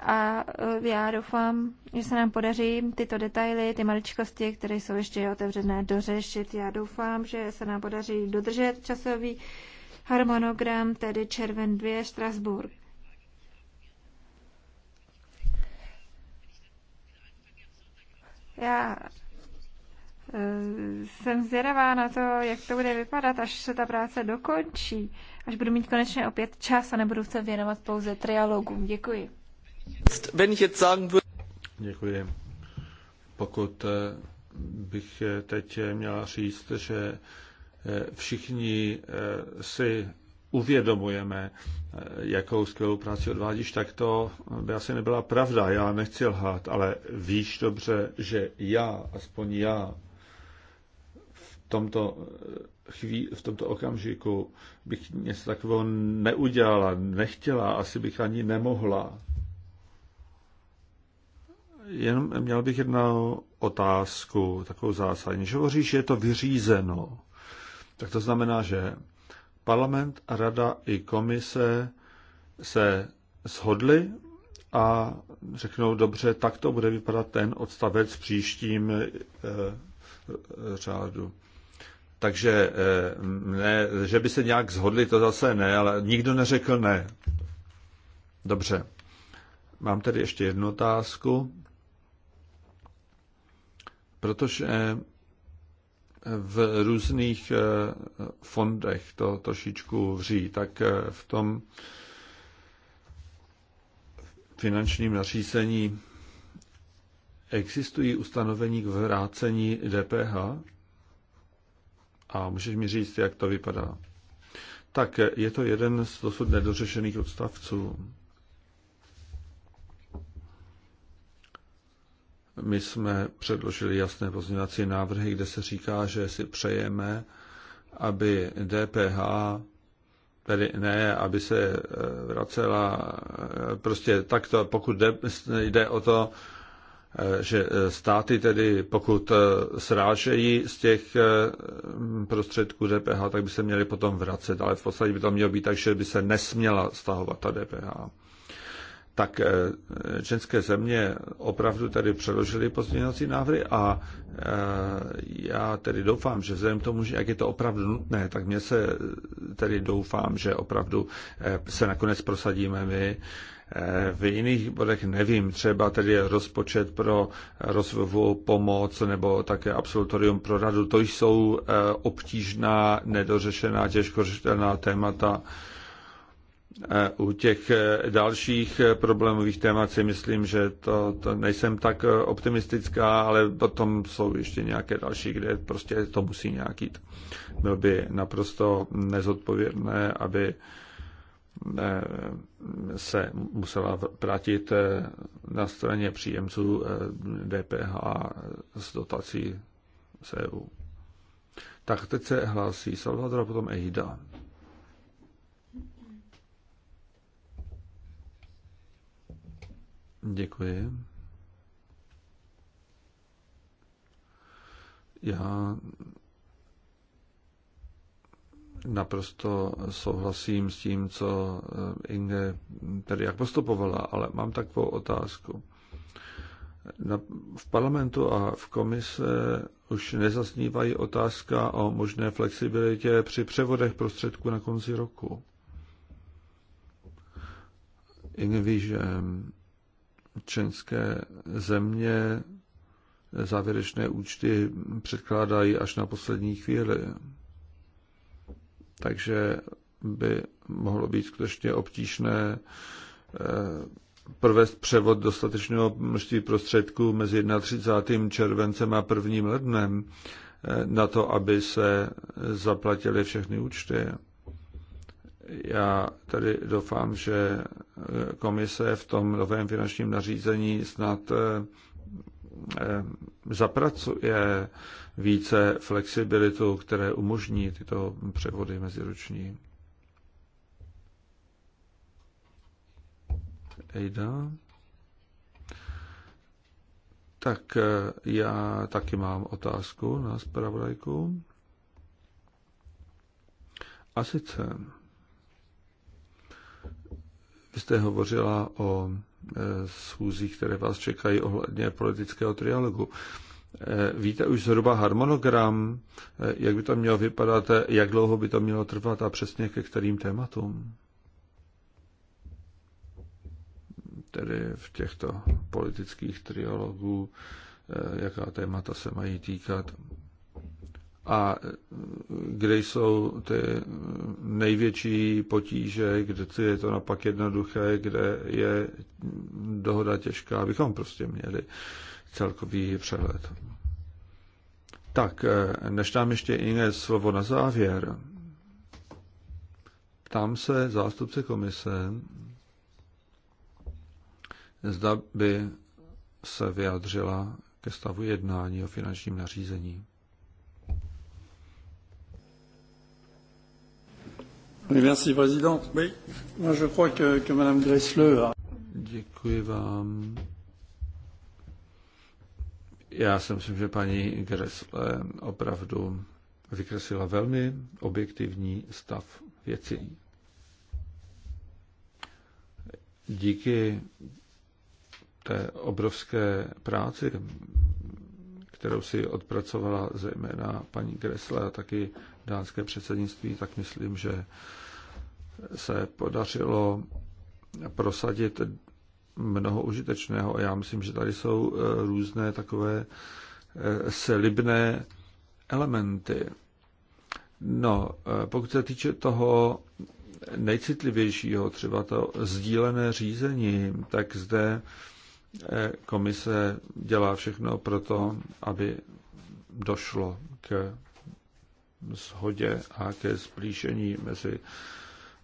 a eh, já doufám, že se nám podaří tyto detaily, ty maličkosti, které jsou ještě otevřené, dořešit. Já doufám, že se nám podaří dodržet časový harmonogram, tedy červen 2, Strasburg. Já Eh, jsem zvědavá na to, jak to bude vypadat, až se ta práce dokončí, až budu mít konečně opět čas a nebudu se věnovat pouze trialogům. Děkuji. Děkuji. Pokud eh, bych eh, teď měla říct, že všichni si uvědomujeme, jakou skvělou práci odvádíš, tak to by asi nebyla pravda. Já nechci lhát, ale víš dobře, že já, aspoň já, tomto, eh, chví, v tomto okamžiku bych něco takového neudělala, nechtěla, asi bych ani nemohla. Jenom měl bych jednu otázku, takovou zásadní. Že hovoříš, že je to vyřízeno, tak to znamená, že parlament, rada i komise se shodly a řeknou, dobře, tak to bude vypadat ten odstavec v příštím eh, řádu. Takže eh, ne, že by se nějak zhodli, to zase ne, ale nikdo neřekl ne. Dobře. Mám tady ještě jednu otázku. Protože eh, v různých eh, fondech to trošičku vří, tak v tom finančním nařízení existují ustanovení k vrácení DPH a můžeš mi říct, jak to vypadá. Tak je to jeden z dosud nedořešených odstavců. My jsme předložili jasné pozměňovací návrhy, kde se říká, že si přejeme, aby DPH, tedy ne, aby se vracela, prostě takto, pokud jde o to, Eh, že eh, státy tedy, pokud eh, srážejí z těch prostředků DPH, tak by se měly potom vracet, ale v podstatě by to mělo být tak, že by se nesměla stahovat ta DPH. Tak české země opravdu tedy předložily pozměňovací návrhy a já tedy doufám, že vzhledem k tomu, že jak je to opravdu nutné, tak mě se tedy doufám, že opravdu se nakonec prosadíme my Eh, v jiných bodech nevím, třeba tedy rozpočet pro rozvojovou pomoc nebo také absolutorium pro radu. To jsou eh, obtížná, nedořešená, těžko řešitelná témata. Eh, u těch dalších problémových témat si myslím, že to, to nejsem tak optimistická, ale potom jsou ještě nějaké další, kde prostě to musí nějak jít. Bylo by naprosto nezodpovědné, aby se musela vrátit eh, na straně příjemců DPH eh, z dotací z EU. Tak teď se hlásí Salvador a potom Eida. Děkuji. Já naprosto souhlasím s tím, co eh, Inge tady jak postupovala, ale mám takovou otázku. Na, v parlamentu a v komise už nezasnívají otázka o možné flexibilitě při převodech prostředků na konci roku. Inge ví, že členské země závěrečné účty předkládají až na poslední chvíli takže by mohlo být skutečně obtížné eh, provést převod dostatečného množství prostředků mezi 31. červencem a 1. lednem eh, na to, aby se zaplatily všechny účty. Já tady doufám, že eh, komise v tom novém finančním nařízení snad Eh, zapracuje více flexibilitu, které umožní tyto převody meziroční. Ejda. Tak eh, já taky mám otázku na zpravodajku. A sice, vy jste hovořila o Eh, schůzí, které vás čekají ohledně politického trialogu. Eh, víte už zhruba harmonogram, eh, jak by to mělo vypadat, jak dlouho by to mělo trvat a přesně ke kterým tématům? Tedy v těchto politických triologů, jaká témata se mají týkat a kde jsou ty největší potíže, kde je to napak jednoduché, kde je dohoda těžká, abychom prostě měli celkový přehled. Tak, eh, než tam ještě jiné slovo na závěr, ptám se zástupce komise, zda by se vyjadřila ke stavu jednání o finančním nařízení. Děkuji vám. Já si myslím, že paní Gressle opravdu vykreslila velmi objektivní stav věcí. Díky té obrovské práci, kterou si odpracovala zejména paní Gressle a taky dánské předsednictví, tak myslím, že se podařilo prosadit mnoho užitečného. A já myslím, že tady jsou eh, různé takové eh, selibné elementy. No, eh, pokud se týče toho nejcitlivějšího, třeba to sdílené řízení, tak zde komise dělá všechno pro to, aby došlo k shodě a ke splíšení mezi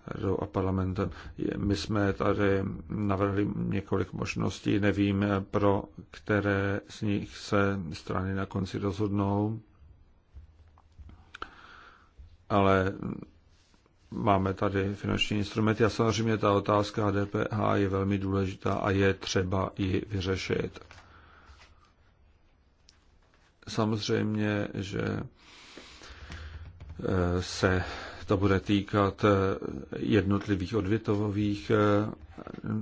radou a parlamentem. My jsme tady navrhli několik možností, nevím, pro které z nich se strany na konci rozhodnou, ale máme tady finanční instrumenty a samozřejmě ta otázka DPH je velmi důležitá a je třeba ji vyřešit. Samozřejmě, že Eh, se to bude týkat eh, jednotlivých odvětových eh,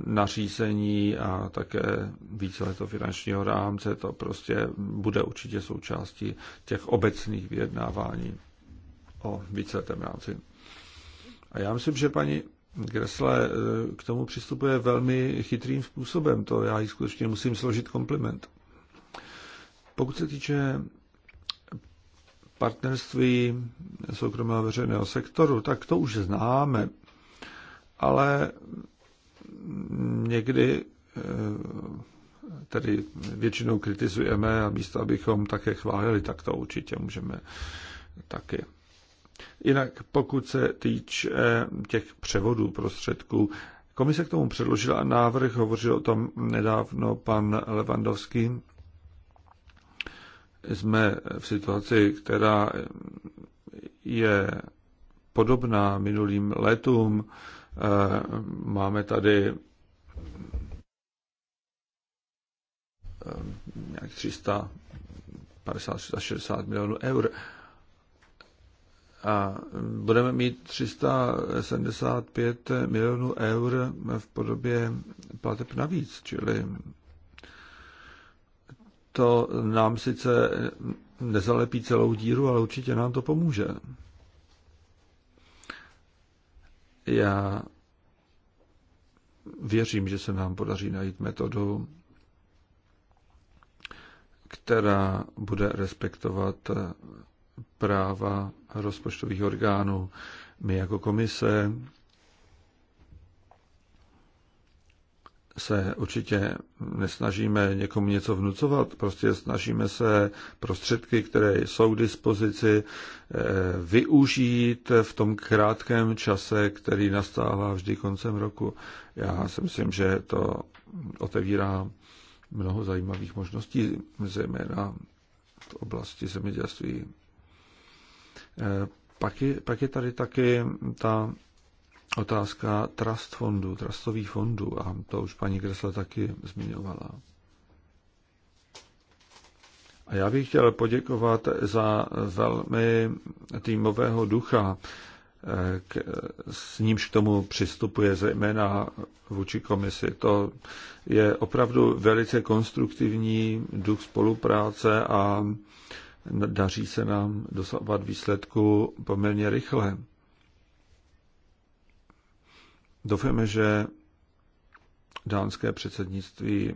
nařízení a také víceletého finančního rámce. To prostě bude určitě součástí těch obecných vyjednávání o víceletém rámci. A já myslím, že paní Gresle k tomu přistupuje velmi chytrým způsobem. To já jí skutečně musím složit kompliment. Pokud se týče partnerství soukromého veřejného sektoru, tak to už známe, ale někdy eh, tedy většinou kritizujeme a místo, abychom také chválili, tak to určitě můžeme taky. Jinak pokud se týče eh, těch převodů prostředků, komise k tomu předložila návrh, hovořil o tom nedávno pan Levandovský, jsme v situaci, která je podobná minulým letům. Eh, máme tady eh, nějak 350-360 milionů eur. A budeme mít 375 milionů eur v podobě plateb navíc, čili to nám sice nezalepí celou díru, ale určitě nám to pomůže. Já věřím, že se nám podaří najít metodu, která bude respektovat práva rozpočtových orgánů. My jako komise se určitě nesnažíme někomu něco vnucovat, prostě snažíme se prostředky, které jsou k dispozici, eh, využít v tom krátkém čase, který nastává vždy koncem roku. Já si myslím, že to otevírá mnoho zajímavých možností, zejména v oblasti zemědělství. Eh, pak je, pak je tady taky ta otázka trust fondů, trustových fondů, a to už paní Kresla taky zmiňovala. A já bych chtěl poděkovat za velmi týmového ducha, eh, k, s nímž k tomu přistupuje zejména vůči komisi. To je opravdu velice konstruktivní duch spolupráce a daří se nám dosahovat výsledku poměrně rychle. Doufáme, že dánské předsednictví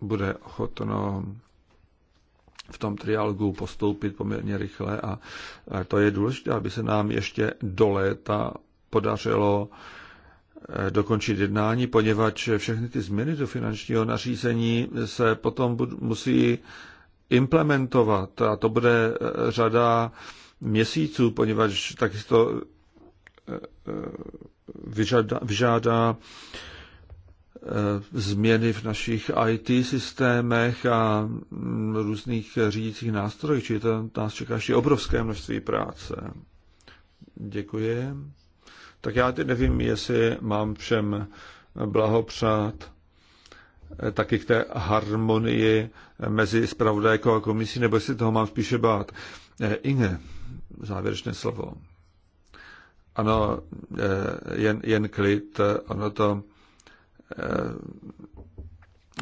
bude ochotno v tom trialogu postoupit poměrně rychle a to je důležité, aby se nám ještě do léta podařilo eh, dokončit jednání, poněvadž všechny ty změny do finančního nařízení se potom musí implementovat a to bude eh, řada měsíců, poněvadž takisto vyžada, vyžádá eh, změny v našich IT systémech a mm, různých řídících nástrojích, čili to nás čeká ještě obrovské množství práce. Děkuji. Tak já teď nevím, jestli mám všem blahopřát eh, taky k té harmonii eh, mezi spravodajkou a komisí, nebo jestli toho mám spíše bát. Inge, závěrečné slovo. Ano, eh, jen, jen klid, ono to eh,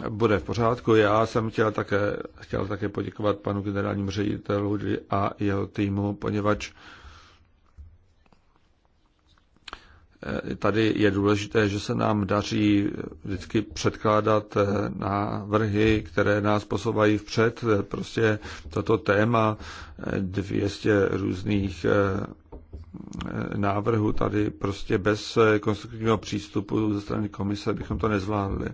bude v pořádku. Já jsem chtěl také, chtěl také poděkovat panu generálnímu ředitelu a jeho týmu, poněvadž Eh, tady je důležité, že se nám daří vždycky předkládat eh, návrhy, které nás posouvají vpřed. Eh, prostě toto téma 200 různých návrhu tady prostě bez konstruktivního přístupu ze strany komise bychom to nezvládli.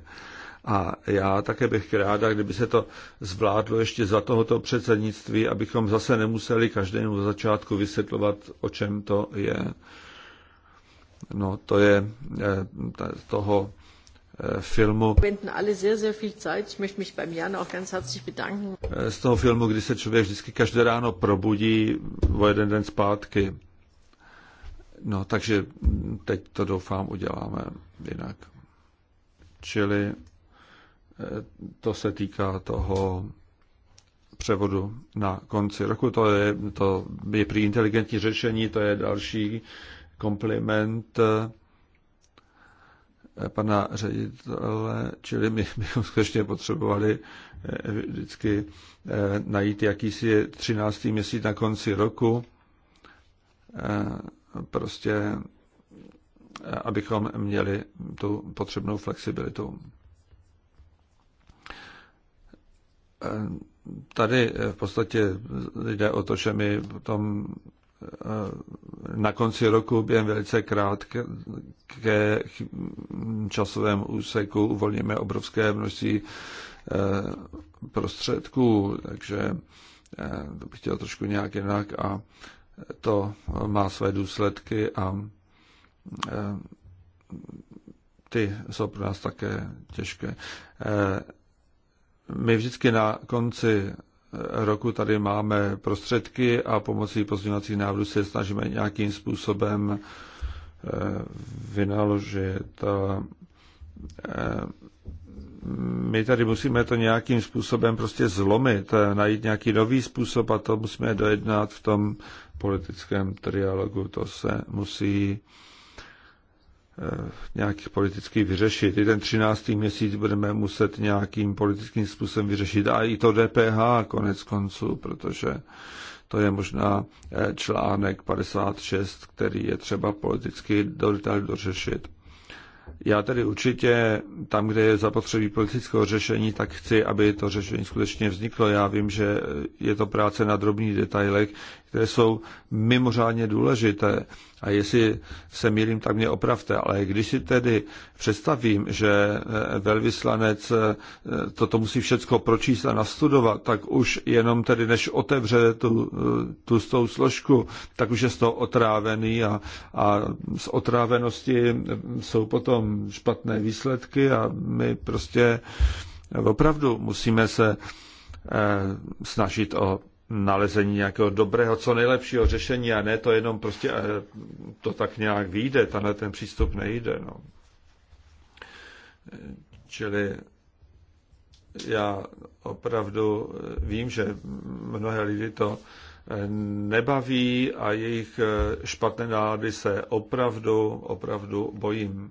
A já také bych ráda, kdyby se to zvládlo ještě za tohoto předsednictví, abychom zase nemuseli každému v začátku vysvětlovat, o čem to je. No, to je eh, toho eh, filmu. Eh, z toho filmu, kdy se člověk vždycky každé ráno probudí o jeden den zpátky. No, takže teď to doufám uděláme jinak. Čili to se týká toho převodu na konci roku. To je, to je prý inteligentní řešení, to je další kompliment eh, pana ředitele, čili my bychom skutečně potřebovali eh, vždycky eh, najít jakýsi 13. měsíc na konci roku, prostě abychom měli tu potřebnou flexibilitu. Tady v podstatě jde o to, že my potom Eh, na konci roku během velice krátké časovém úseku uvolníme obrovské množství eh, prostředků, takže eh, to bych chtěl trošku nějak jinak a to má své důsledky a ty jsou pro nás také těžké. My vždycky na konci roku tady máme prostředky a pomocí pozměňovacích návrhů se snažíme nějakým způsobem eh, vynaložit. Eh, my tady musíme to nějakým způsobem prostě zlomit, eh, najít nějaký nový způsob a to musíme dojednat v tom politickém trialogu. To se musí Eh, nějakých politicky vyřešit. I ten 13. měsíc budeme muset nějakým politickým způsobem vyřešit. A i to DPH konec konců, protože to je možná eh, článek 56, který je třeba politicky do dořešit. Já tedy určitě tam, kde je zapotřebí politického řešení, tak chci, aby to řešení skutečně vzniklo. Já vím, že je to práce na drobných detailech které jsou mimořádně důležité. A jestli se mýlím, tak mě opravte. Ale když si tedy představím, že eh, velvyslanec eh, toto musí všechno pročíst a nastudovat, tak už jenom tedy, než otevře tu, eh, tu s tou složku, tak už je z toho otrávený a, a z otrávenosti jsou potom špatné výsledky a my prostě opravdu musíme se snažit o nalezení nějakého dobrého, co nejlepšího řešení a ne to jenom prostě eh, to tak nějak vyjde, tenhle ten přístup nejde. No. Čili já opravdu eh, vím, že mnohé lidi to eh, nebaví a jejich špatné nálady se opravdu, opravdu bojím.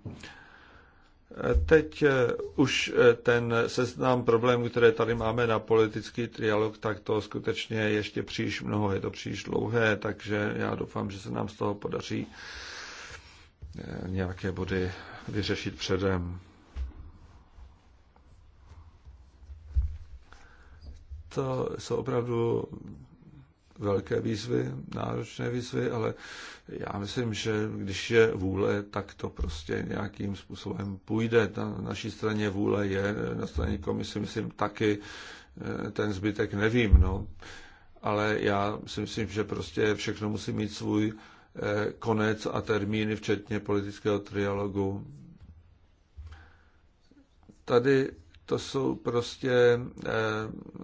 Teď eh, už eh, ten seznam problémů, které tady máme na politický trialog, tak to skutečně ještě příliš mnoho, je to příliš dlouhé, takže já doufám, že se nám z toho podaří eh, nějaké body vyřešit předem. To jsou opravdu velké výzvy, náročné výzvy, ale já myslím, že když je vůle, tak to prostě nějakým způsobem půjde. Na naší straně vůle je, na straně komise myslím taky, eh, ten zbytek nevím, no. Ale já si myslím, že prostě všechno musí mít svůj eh, konec a termíny, včetně politického trialogu. Tady to jsou prostě eh,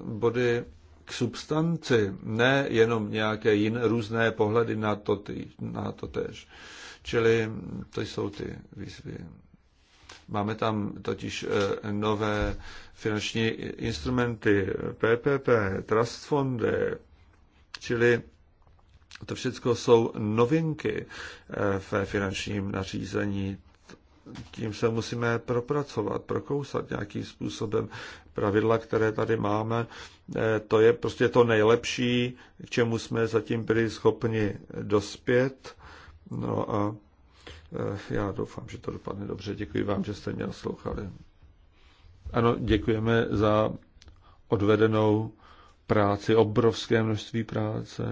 body k substanci, ne jenom nějaké jiné různé pohledy na to, ty, na to tež. Čili to jsou ty výzvy. Máme tam totiž e, nové finanční instrumenty, PPP, trust fondy, čili to všechno jsou novinky e, ve finančním nařízení tím se musíme propracovat, prokousat nějakým způsobem. Pravidla, které tady máme, eh, to je prostě to nejlepší, k čemu jsme zatím byli schopni dospět. No a eh, já doufám, že to dopadne dobře. Děkuji vám, že jste mě naslouchali. Ano, děkujeme za odvedenou práci, obrovské množství práce.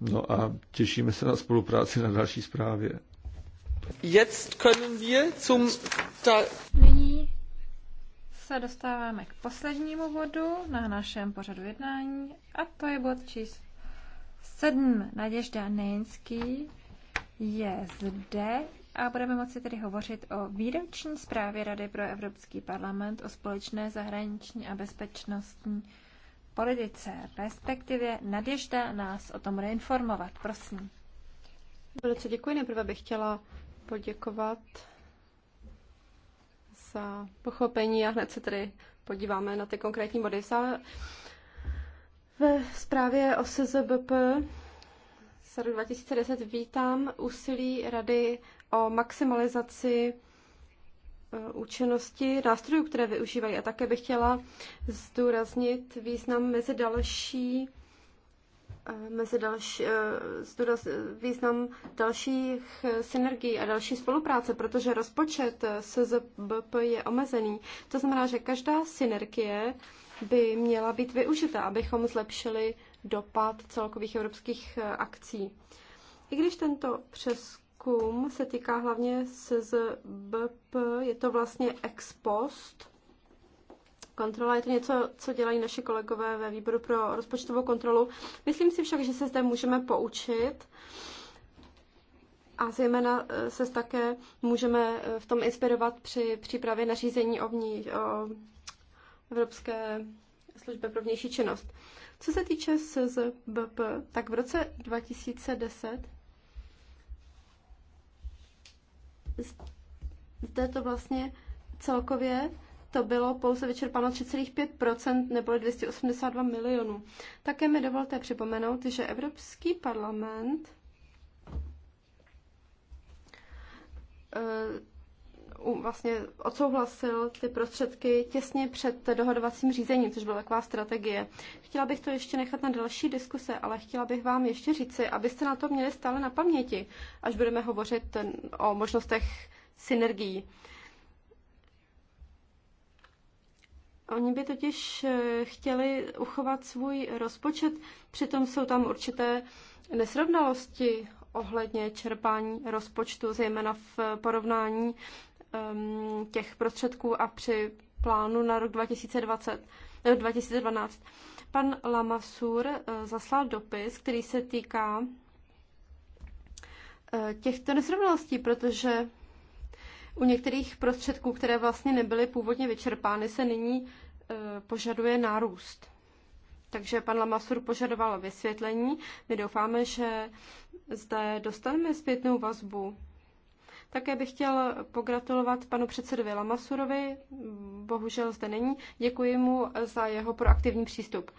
No a těšíme se na spolupráci na další zprávě. Nyní se dostáváme k poslednímu bodu na našem pořadu jednání a to je bod číslo 7. Naděžda Nejnský je zde a budeme moci tedy hovořit o výroční zprávě Rady pro Evropský parlament o společné zahraniční a bezpečnostní politice, respektive Naděžda nás o tom reinformovat. Prosím. Velice děkuji. Nejprve bych chtěla poděkovat za pochopení a hned se tedy podíváme na ty konkrétní body. Ve zprávě o SZBP z roku 2010 vítám úsilí Rady o maximalizaci e, účinnosti nástrojů, které využívají. A také bych chtěla zdůraznit význam mezi další mezi další, zdůraz, eh, význam dalších eh, synergií a další spolupráce, protože rozpočet eh, SZBP je omezený. To znamená, že každá synergie by měla být využita, abychom zlepšili dopad celkových evropských akcí. I když tento přeskum se týká hlavně SZBP, je to vlastně ex post, kontrola. Je to něco, co dělají naše kolegové ve výboru pro rozpočtovou kontrolu. Myslím si však, že se zde můžeme poučit a zejména eh, se také můžeme eh, v tom inspirovat při přípravě nařízení o, vní, o Evropské službě pro vnější činnost. Co se týče SZBP, tak v roce 2010 zde to vlastně celkově to bylo pouze vyčerpáno 3,5 nebo 282 milionů. Také mi dovolte připomenout, že Evropský parlament eh, vlastně odsouhlasil ty prostředky těsně před dohodovacím řízením, což byla taková strategie. Chtěla bych to ještě nechat na další diskuse, ale chtěla bych vám ještě říci, abyste na to měli stále na paměti, až budeme hovořit o možnostech synergií. Oni by totiž eh, chtěli uchovat svůj rozpočet, přitom jsou tam určité nesrovnalosti ohledně čerpání rozpočtu, zejména v porovnání um, těch prostředků a při plánu na rok 2020, 2012. Eh, Pan Lamasur eh, zaslal dopis, který se týká těchto nesrovnalostí, protože u některých prostředků, které vlastně nebyly původně vyčerpány, se nyní e, požaduje nárůst. Takže pan Lamasur požadoval vysvětlení. My doufáme, že zde dostaneme zpětnou vazbu. Také bych chtěl pogratulovat panu předsedovi Lamasurovi, bohužel zde není. Děkuji mu za jeho proaktivní přístup.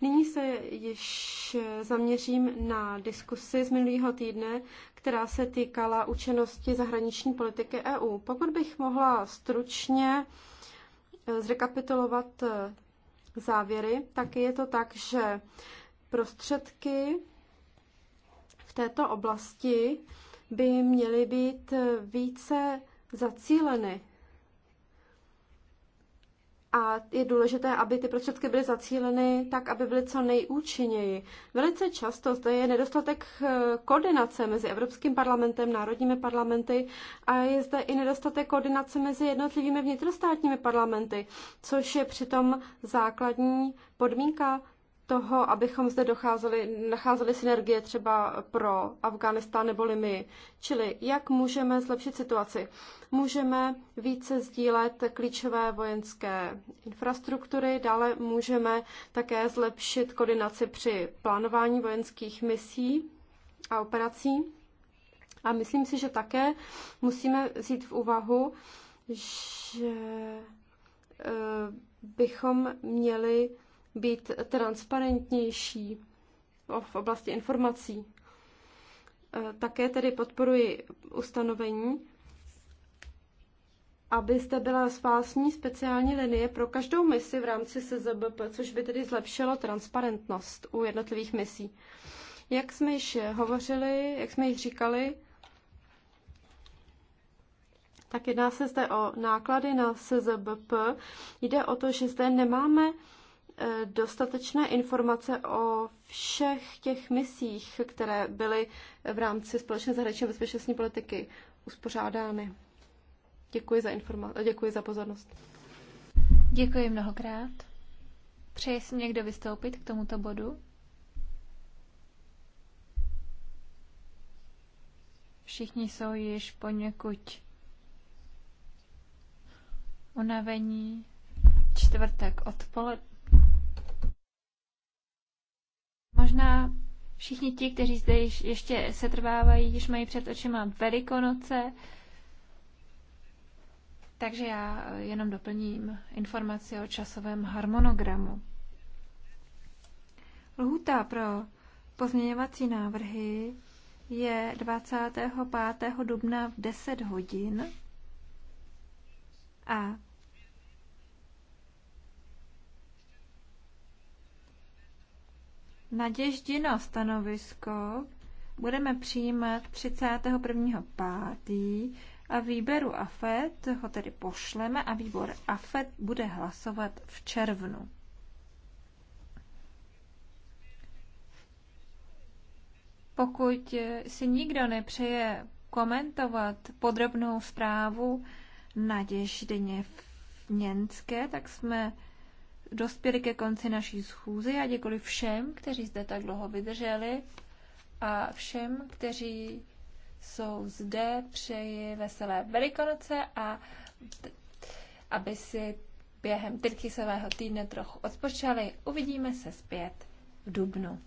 Nyní se již zaměřím na diskusi z minulého týdne, která se týkala učenosti zahraniční politiky EU. Pokud bych mohla stručně eh, zrekapitulovat eh, závěry, tak je to tak, že prostředky v této oblasti by měly být eh, více zacíleny a je důležité, aby ty prostředky byly zacíleny tak, aby byly co nejúčinněji. Velice často zde je nedostatek eh, koordinace mezi Evropským parlamentem, národními parlamenty a je zde i nedostatek koordinace mezi jednotlivými vnitrostátními parlamenty, což je přitom základní podmínka toho, abychom zde docházeli, nacházeli synergie třeba pro Afghánistán nebo my. Čili jak můžeme zlepšit situaci? Můžeme více sdílet klíčové vojenské infrastruktury, dále můžeme také zlepšit koordinaci při plánování vojenských misí a operací. A myslím si, že také musíme vzít v úvahu, že eh, bychom měli být transparentnější v oblasti informací. E, také tedy podporuji ustanovení, aby zde byla spásní speciální linie pro každou misi v rámci SZBP, což by tedy zlepšilo transparentnost u jednotlivých misí. Jak jsme již hovořili, jak jsme již říkali, tak jedná se zde o náklady na SZBP. Jde o to, že zde nemáme Eh, dostatečné informace o všech těch misích, které byly v rámci společné zahraniční bezpečnostní politiky uspořádány. Děkuji za, informa- děkuji za pozornost. Děkuji mnohokrát. Přeje si někdo vystoupit k tomuto bodu? Všichni jsou již poněkud unavení. Čtvrtek odpoledne možná všichni ti, kteří zde již, ještě trvávají, již mají před očima Velikonoce. Takže já jenom doplním informaci o časovém harmonogramu. Lhůta pro pozměňovací návrhy je 25. dubna v 10 hodin a Naděždino stanovisko budeme přijímat 31.5. a výběru AFET ho tedy pošleme a výbor AFET bude hlasovat v červnu. Pokud si nikdo nepřeje komentovat podrobnou zprávu Naděždyně v Něnské, tak jsme dospěli ke konci naší schůze. Já děkuji všem, kteří zde tak dlouho vydrželi a všem, kteří jsou zde, přeji veselé velikonoce a aby si během svého týdne trochu odpočali. Uvidíme se zpět v Dubnu.